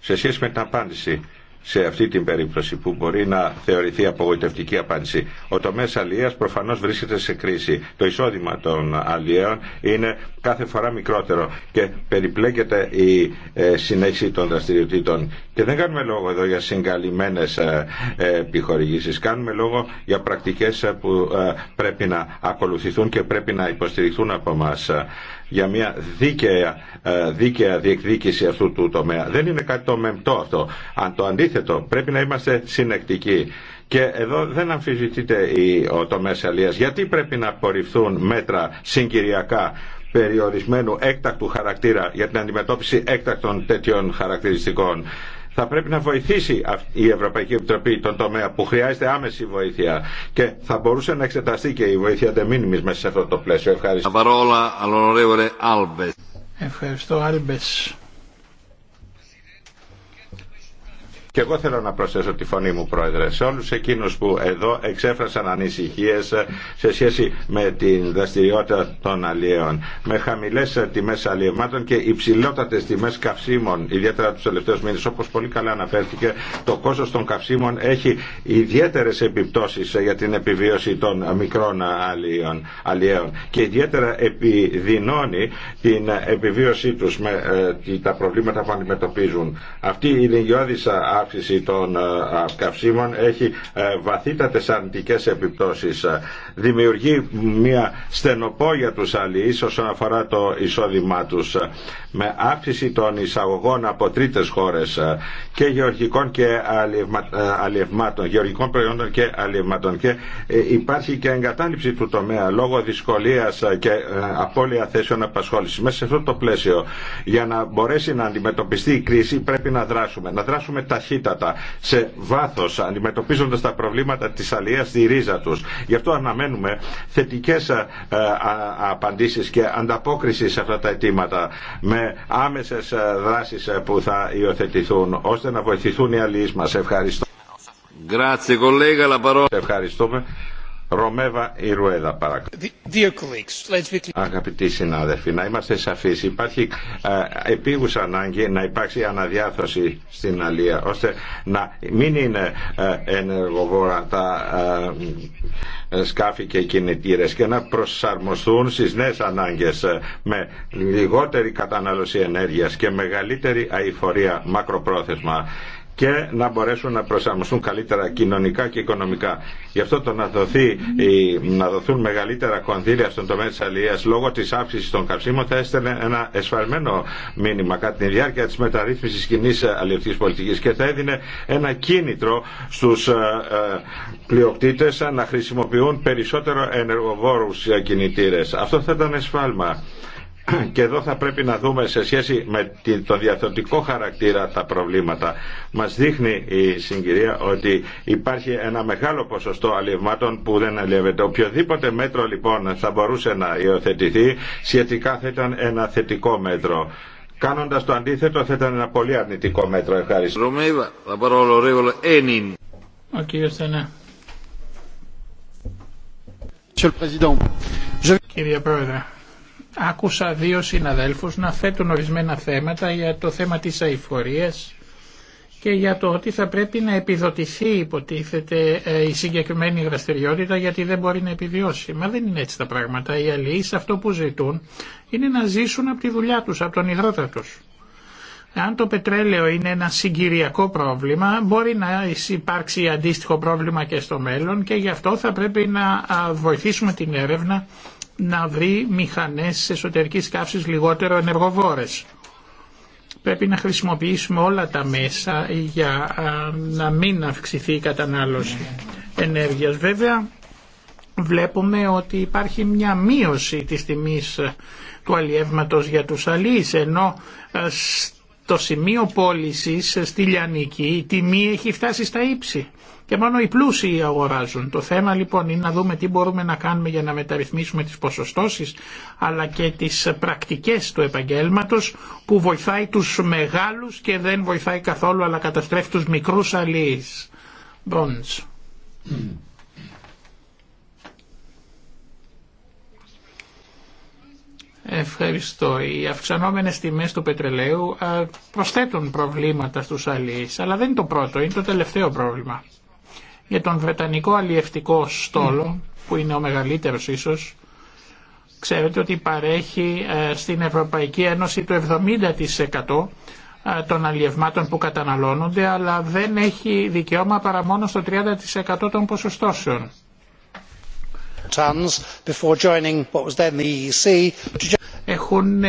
Σε σχέση με την απάντηση σε αυτή την περίπτωση που μπορεί να θεωρηθεί απογοητευτική απάντηση. Ο τομέα αλληλείας προφανώς βρίσκεται σε κρίση. Το εισόδημα των αλληλείων είναι κάθε φορά μικρότερο και περιπλέκεται η ε, συνέχιση των δραστηριοτήτων. Και δεν κάνουμε λόγο εδώ για συγκαλυμμένες ε, ε, επιχορηγήσεις. Κάνουμε λόγο για πρακτικές που πρέπει να ακολουθηθούν και πρέπει να υποστηριχθούν από εμά για μια δίκαια, ε, δίκαια διεκδίκηση αυτού του τομέα. Δεν είναι κάτι το μεμπτό αυτό. Αν το αντίθετο, πρέπει να είμαστε συνεκτικοί. Και εδώ δεν αμφισβητείται ο τομέας αλίας. Γιατί πρέπει να απορριφθούν μέτρα συγκυριακά περιορισμένου έκτακτου χαρακτήρα για την αντιμετώπιση έκτακτων τέτοιων χαρακτηριστικών θα πρέπει να βοηθήσει η Ευρωπαϊκή Επιτροπή τον τομέα που χρειάζεται άμεση βοήθεια και θα μπορούσε να εξεταστεί και η βοήθεια τεμήνυμης μέσα σε αυτό το πλαίσιο. Ευχαριστώ. Ευχαριστώ Άλμπες. Και εγώ θέλω να προσθέσω τη φωνή μου, Πρόεδρε, σε όλου εκείνου που εδώ εξέφρασαν ανησυχίε σε σχέση με την δραστηριότητα των αλλιέων. Με χαμηλέ τιμέ αλλιευμάτων και υψηλότατε τιμέ καυσίμων, ιδιαίτερα του τελευταίου μήνε. Όπω πολύ καλά αναφέρθηκε, το κόστο των καυσίμων έχει ιδιαίτερε επιπτώσει για την επιβίωση των μικρών αλλιέων και ιδιαίτερα επιδεινώνει την επιβίωσή του με ε, τα προβλήματα που αντιμετωπίζουν. Αυτή η αύξηση των ε, καυσίμων έχει ε, βαθύτατε αρνητικέ επιπτώσει. Ε, δημιουργεί μια στενοπόγια του αλληλεί όσον αφορά το εισόδημά του, Με αύξηση των εισαγωγών από τρίτε χώρε και γεωργικών και αλλιευμάτων, γεωργικών προϊόντων και αλλιευμάτων και υπάρχει και εγκατάλειψη του τομέα λόγω δυσκολία και απώλεια θέσεων απασχόληση. Μέσα σε αυτό το πλαίσιο για να μπορέσει να αντιμετωπιστεί η κρίση πρέπει να δράσουμε. Να δράσουμε ταχύτερα σε βάθος, αντιμετωπίζοντας τα προβλήματα της αλληλεία στη ρίζα τους. Γι' αυτό αναμένουμε θετικές ε, ε, απαντήσεις και ανταπόκριση σε αυτά τα αιτήματα με άμεσες ε, δράσεις που θα υιοθετηθούν, ώστε να βοηθηθούν οι αλληλεί μας. Ευχαριστώ. Grazie, collega, la parola. Ευχαριστούμε. Ρωμέβα Ιρουέδα παρακαλώ. Αγαπητοί συνάδελφοι, να είμαστε σαφείς. Υπάρχει επίγουσα ανάγκη να υπάρξει αναδιάθρωση στην Αλία, ώστε να μην είναι ε, ενεργοβόρα τα σκάφη και κινητήρες και να προσαρμοστούν στις νέες ανάγκες με λιγότερη κατανάλωση ενέργειας και μεγαλύτερη αηφορία μακροπρόθεσμα και να μπορέσουν να προσαρμοστούν καλύτερα κοινωνικά και οικονομικά. Γι' αυτό το να, δοθεί, να δοθούν μεγαλύτερα κονδύλια στον τομέα της αλληλείας λόγω της αύξησης των καυσίμων θα έστελνε ένα εσφαλμένο μήνυμα κατά τη διάρκεια της μεταρρύθμισης κοινή αλληλευτικής πολιτικής και θα έδινε ένα κίνητρο στους ε, ε, πλειοκτήτες να χρησιμοποιούν περισσότερο ενεργοβόρους κινητήρες. Αυτό θα ήταν εσφάλμα και εδώ θα πρέπει να δούμε σε σχέση με το διαθετικό χαρακτήρα τα προβλήματα. Μας δείχνει η συγκυρία ότι υπάρχει ένα μεγάλο ποσοστό αλλιευμάτων που δεν αλλιεύεται. Οποιοδήποτε μέτρο λοιπόν θα μπορούσε να υιοθετηθεί σχετικά θα ήταν ένα θετικό μέτρο. Κάνοντας το αντίθετο θα ήταν ένα πολύ αρνητικό μέτρο. Ευχαριστώ. Κύριε Πρόεδρε, Άκουσα δύο συναδέλφους να θέτουν ορισμένα θέματα για το θέμα της αηφορίας και για το ότι θα πρέπει να επιδοτηθεί υποτίθεται ε, η συγκεκριμένη δραστηριότητα γιατί δεν μπορεί να επιβιώσει. Μα δεν είναι έτσι τα πράγματα. Οι αλληλείς αυτό που ζητούν είναι να ζήσουν από τη δουλειά τους, από τον υδρότα τους. Αν το πετρέλαιο είναι ένα συγκυριακό πρόβλημα, μπορεί να υπάρξει αντίστοιχο πρόβλημα και στο μέλλον και γι' αυτό θα πρέπει να βοηθήσουμε την έρευνα να βρει μηχανές εσωτερικής καύσης λιγότερο ενεργοβόρες. Πρέπει να χρησιμοποιήσουμε όλα τα μέσα για να μην αυξηθεί η κατανάλωση ενέργειας. Βέβαια βλέπουμε ότι υπάρχει μια μείωση της τιμής του αλλιεύματος για τους αλείς ενώ το σημείο πώληση στη Λιανική η τιμή έχει φτάσει στα ύψη και μόνο οι πλούσιοι αγοράζουν. Το θέμα λοιπόν είναι να δούμε τι μπορούμε να κάνουμε για να μεταρρυθμίσουμε τις ποσοστώσεις αλλά και τις πρακτικές του επαγγέλματος που βοηθάει τους μεγάλους και δεν βοηθάει καθόλου αλλά καταστρέφει τους μικρούς Bones. Bonds. Ευχαριστώ. Οι αυξανόμενες τιμές του πετρελαίου προσθέτουν προβλήματα στους αλλιείς, αλλά δεν είναι το πρώτο, είναι το τελευταίο πρόβλημα. Για τον Βρετανικό αλλιευτικό στόλο, που είναι ο μεγαλύτερος ίσως, ξέρετε ότι παρέχει στην Ευρωπαϊκή Ένωση το 70% των αλλιευμάτων που καταναλώνονται, αλλά δεν έχει δικαιώμα παρά μόνο στο 30% των ποσοστώσεων tonnes before joining what was then the EEC έχουν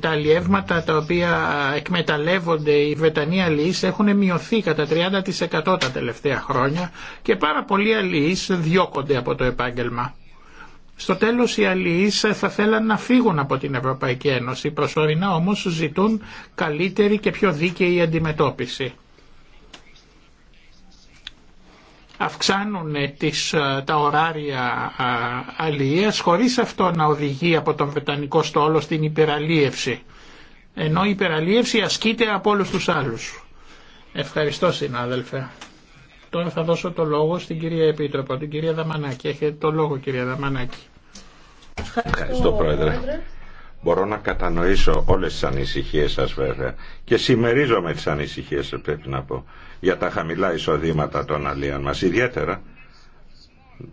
τα αλλιεύματα τα οποία εκμεταλλεύονται οι Βρετανοί αλληλείς έχουν μειωθεί κατά 30% τα τελευταία χρόνια και πάρα πολλοί αλληλείς διώκονται από το επάγγελμα. Στο τέλος οι αλληλείς θα θέλαν να φύγουν από την Ευρωπαϊκή Ένωση, προσωρινά όμως ζητούν καλύτερη και πιο δίκαιη αντιμετώπιση. αυξάνουν τις, ε, τα ωράρια ε, αλληλείας χωρίς αυτό να οδηγεί από τον Βρετανικό στόλο στην υπεραλίευση. Ενώ η υπεραλίευση ασκείται από όλους τους άλλους. Ευχαριστώ συνάδελφε. Τώρα θα δώσω το λόγο στην κυρία Επίτροπο, την κυρία Δαμανάκη. Έχετε το λόγο κυρία Δαμανάκη. Ευχαριστώ, Πρόεδρε. Μπορώ να κατανοήσω όλες τις ανησυχίες σας βέβαια και συμμερίζομαι τις ανησυχίες σας πρέπει να πω για τα χαμηλά εισοδήματα των αλλιών μας, ιδιαίτερα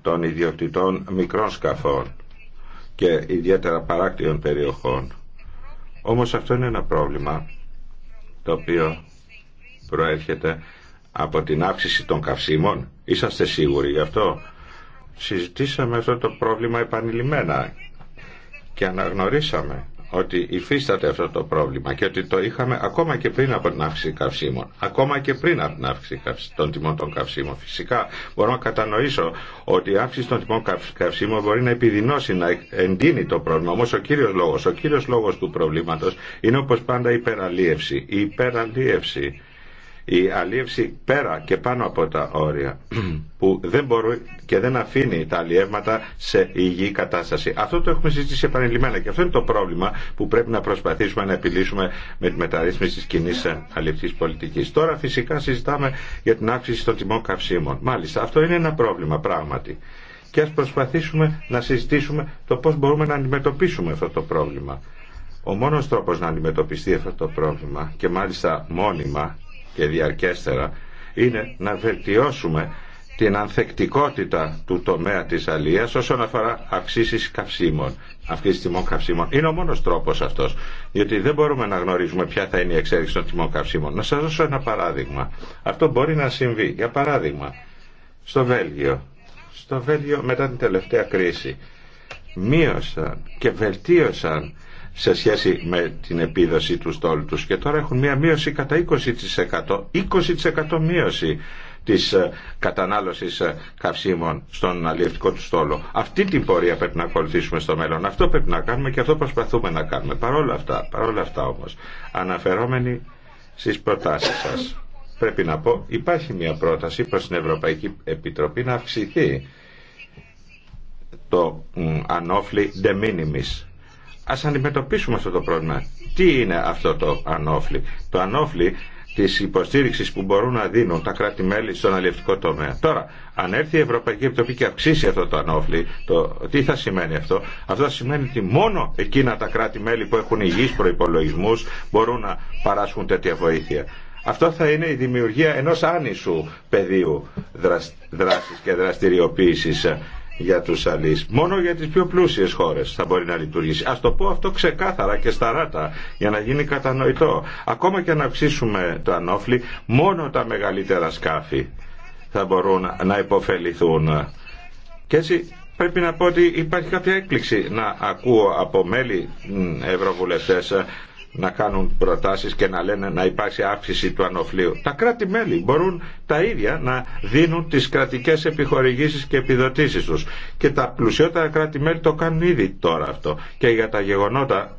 των ιδιοκτητών μικρών σκαφών και ιδιαίτερα παράκτιων περιοχών. Όμως αυτό είναι ένα πρόβλημα το οποίο προέρχεται από την αύξηση των καυσίμων. Είσαστε σίγουροι γι' αυτό. Συζητήσαμε αυτό το πρόβλημα επανειλημμένα και αναγνωρίσαμε ότι υφίσταται αυτό το πρόβλημα και ότι το είχαμε ακόμα και πριν από την αύξηση καυσίμων. Ακόμα και πριν από την αύξηση των τιμών των καυσίμων. Φυσικά μπορώ να κατανοήσω ότι η αύξηση των τιμών καυσίμων μπορεί να επιδεινώσει, να εντείνει το πρόβλημα. Όμω ο κύριο λόγο, ο κύριο λόγο του προβλήματο είναι όπω πάντα η υπεραλίευση. Η υπεραλίευση η αλίευση πέρα και πάνω από τα όρια που δεν μπορεί και δεν αφήνει τα αλλιεύματα σε υγιή κατάσταση. Αυτό το έχουμε συζητήσει επανειλημμένα και αυτό είναι το πρόβλημα που πρέπει να προσπαθήσουμε να επιλύσουμε με τη μεταρρύθμιση τη κοινή αλιευτή πολιτική. Τώρα φυσικά συζητάμε για την αύξηση των τιμών καυσίμων. Μάλιστα, αυτό είναι ένα πρόβλημα πράγματι. Και α προσπαθήσουμε να συζητήσουμε το πώ μπορούμε να αντιμετωπίσουμε αυτό το πρόβλημα. Ο μόνος τρόπος να αντιμετωπιστεί αυτό το πρόβλημα και μάλιστα μόνιμα και διαρκέστερα είναι να βελτιώσουμε την ανθεκτικότητα του τομέα της αλίας όσον αφορά αυξήσει καυσίμων, αυξήσεις τιμών καυσίμων. Είναι ο μόνος τρόπος αυτός, διότι δεν μπορούμε να γνωρίζουμε ποια θα είναι η εξέλιξη των τιμών καυσίμων. Να σας δώσω ένα παράδειγμα. Αυτό μπορεί να συμβεί. Για παράδειγμα, στο Βέλγιο, στο Βέλγιο μετά την τελευταία κρίση, μείωσαν και βελτίωσαν σε σχέση με την επίδοση του στόλου τους και τώρα έχουν μία μείωση κατά 20%. 20% μείωση της ε, κατανάλωσης ε, καυσίμων στον αλλιευτικό του στόλο. Αυτή την πορεία πρέπει να ακολουθήσουμε στο μέλλον. Αυτό πρέπει να κάνουμε και αυτό προσπαθούμε να κάνουμε. Παρόλα αυτά, παρόλα αυτά όμως, αναφερόμενοι στις προτάσεις σας, πρέπει να πω, υπάρχει μια πρόταση προς την Ευρωπαϊκή Επιτροπή να αυξηθεί το ανώφλι de minimis Ας αντιμετωπίσουμε αυτό το πρόβλημα. Τι είναι αυτό το ανόφλη. Το ανόφλι τη υποστήριξη που μπορούν να δίνουν τα κράτη-μέλη στον αλληλευτικό τομέα. Τώρα, αν έρθει η Ευρωπαϊκή Επιτροπή και αυξήσει αυτό το ανόφλη, το, τι θα σημαίνει αυτό. Αυτό θα σημαίνει ότι μόνο εκείνα τα κράτη-μέλη που έχουν υγιεί προπολογισμού μπορούν να παράσχουν τέτοια βοήθεια. Αυτό θα είναι η δημιουργία ενός άνισου πεδίου δράσης και δραστηριοποίησης για τους αλείς. Μόνο για τις πιο πλούσιες χώρες θα μπορεί να λειτουργήσει. Ας το πω αυτό ξεκάθαρα και σταράτα για να γίνει κατανοητό. Ακόμα και να αυξήσουμε το ανόφλι, μόνο τα μεγαλύτερα σκάφη θα μπορούν να υποφεληθούν. Και έτσι πρέπει να πω ότι υπάρχει κάποια έκπληξη να ακούω από μέλη ευρωβουλευτές να κάνουν προτάσεις και να λένε να υπάρξει αύξηση του ανοφλίου. Τα κράτη-μέλη μπορούν τα ίδια να δίνουν τις κρατικές επιχορηγήσεις και επιδοτήσεις τους. Και τα πλουσιότερα κράτη-μέλη το κάνουν ήδη τώρα αυτό. Και για τα γεγονότα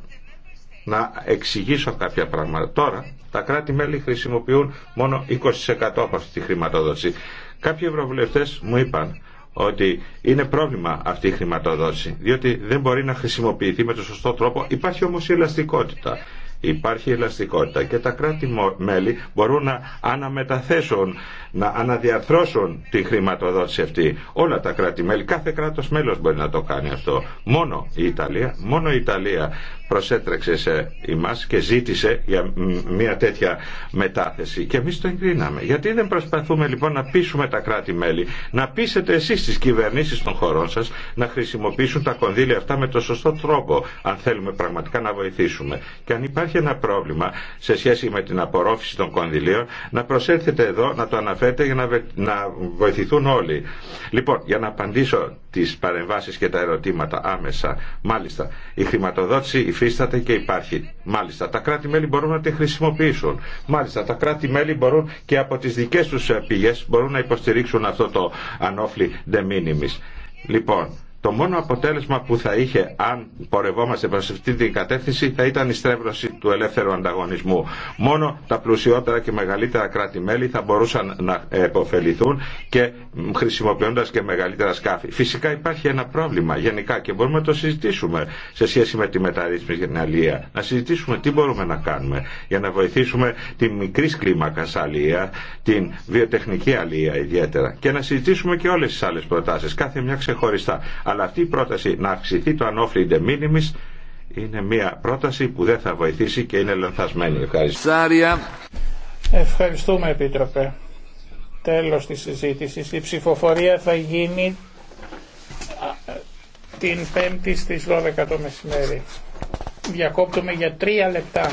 να εξηγήσω κάποια πράγματα. Τώρα τα κράτη-μέλη χρησιμοποιούν μόνο 20% από αυτή τη χρηματοδότηση. Κάποιοι ευρωβουλευτές μου είπαν ότι είναι πρόβλημα αυτή η χρηματοδότηση, διότι δεν μπορεί να χρησιμοποιηθεί με τον σωστό τρόπο. Υπάρχει όμως η ελαστικότητα. Υπάρχει ελαστικότητα και τα κράτη-μέλη μπορούν να αναμεταθέσουν, να αναδιαρθρώσουν τη χρηματοδότηση αυτή. Όλα τα κράτη-μέλη, κάθε κράτος-μέλος μπορεί να το κάνει αυτό. Μόνο η Ιταλία, μόνο η Ιταλία προσέτρεξε σε εμάς και ζήτησε για μια τέτοια μετάθεση και εμείς το εγκρίναμε. Γιατί δεν προσπαθούμε λοιπόν να πείσουμε τα κράτη-μέλη, να πείσετε εσείς τις κυβερνήσεις των χωρών σας να χρησιμοποιήσουν τα κονδύλια αυτά με το σωστό τρόπο αν θέλουμε πραγματικά να βοηθήσουμε. Και αν υπάρχει ένα πρόβλημα σε σχέση με την απορρόφηση των κονδυλίων, να προσέλθετε εδώ, να το αναφέρετε για να, να βοηθηθούν όλοι. Λοιπόν, για να απαντήσω τις παρεμβάσεις και τα ερωτήματα άμεσα. Μάλιστα, η χρηματοδότηση υφίσταται και υπάρχει. Μάλιστα, τα κράτη-μέλη μπορούν να τη χρησιμοποιήσουν. Μάλιστα, τα κράτη-μέλη μπορούν και από τις δικέ τους ε, πηγές μπορούν να υποστηρίξουν αυτό το ανώφλι de minimis. Λοιπόν, το μόνο αποτέλεσμα που θα είχε αν πορευόμαστε προς αυτή την κατεύθυνση θα ήταν η στρέβλωση του ελεύθερου ανταγωνισμού. Μόνο τα πλουσιότερα και μεγαλύτερα κράτη-μέλη θα μπορούσαν να επωφεληθούν και χρησιμοποιώντας και μεγαλύτερα σκάφη. Φυσικά υπάρχει ένα πρόβλημα γενικά και μπορούμε να το συζητήσουμε σε σχέση με τη μεταρρύθμιση για την αλληλεία. Να συζητήσουμε τι μπορούμε να κάνουμε για να βοηθήσουμε τη μικρή κλίμακα αλληλεία, την βιοτεχνική αλληλεία ιδιαίτερα και να συζητήσουμε και όλες τις άλλες προτάσεις, κάθε μια ξεχωριστά αλλά αυτή η πρόταση να αυξηθεί το ανώφλιντε μήνυμης είναι μια πρόταση που δεν θα βοηθήσει και είναι λανθασμένη. Ευχαριστώ. Ευχαριστούμε Επίτροπε. Τέλος της συζήτησης. Η ψηφοφορία θα γίνει την 5η στις 12 το μεσημέρι. Διακόπτουμε για τρία λεπτά.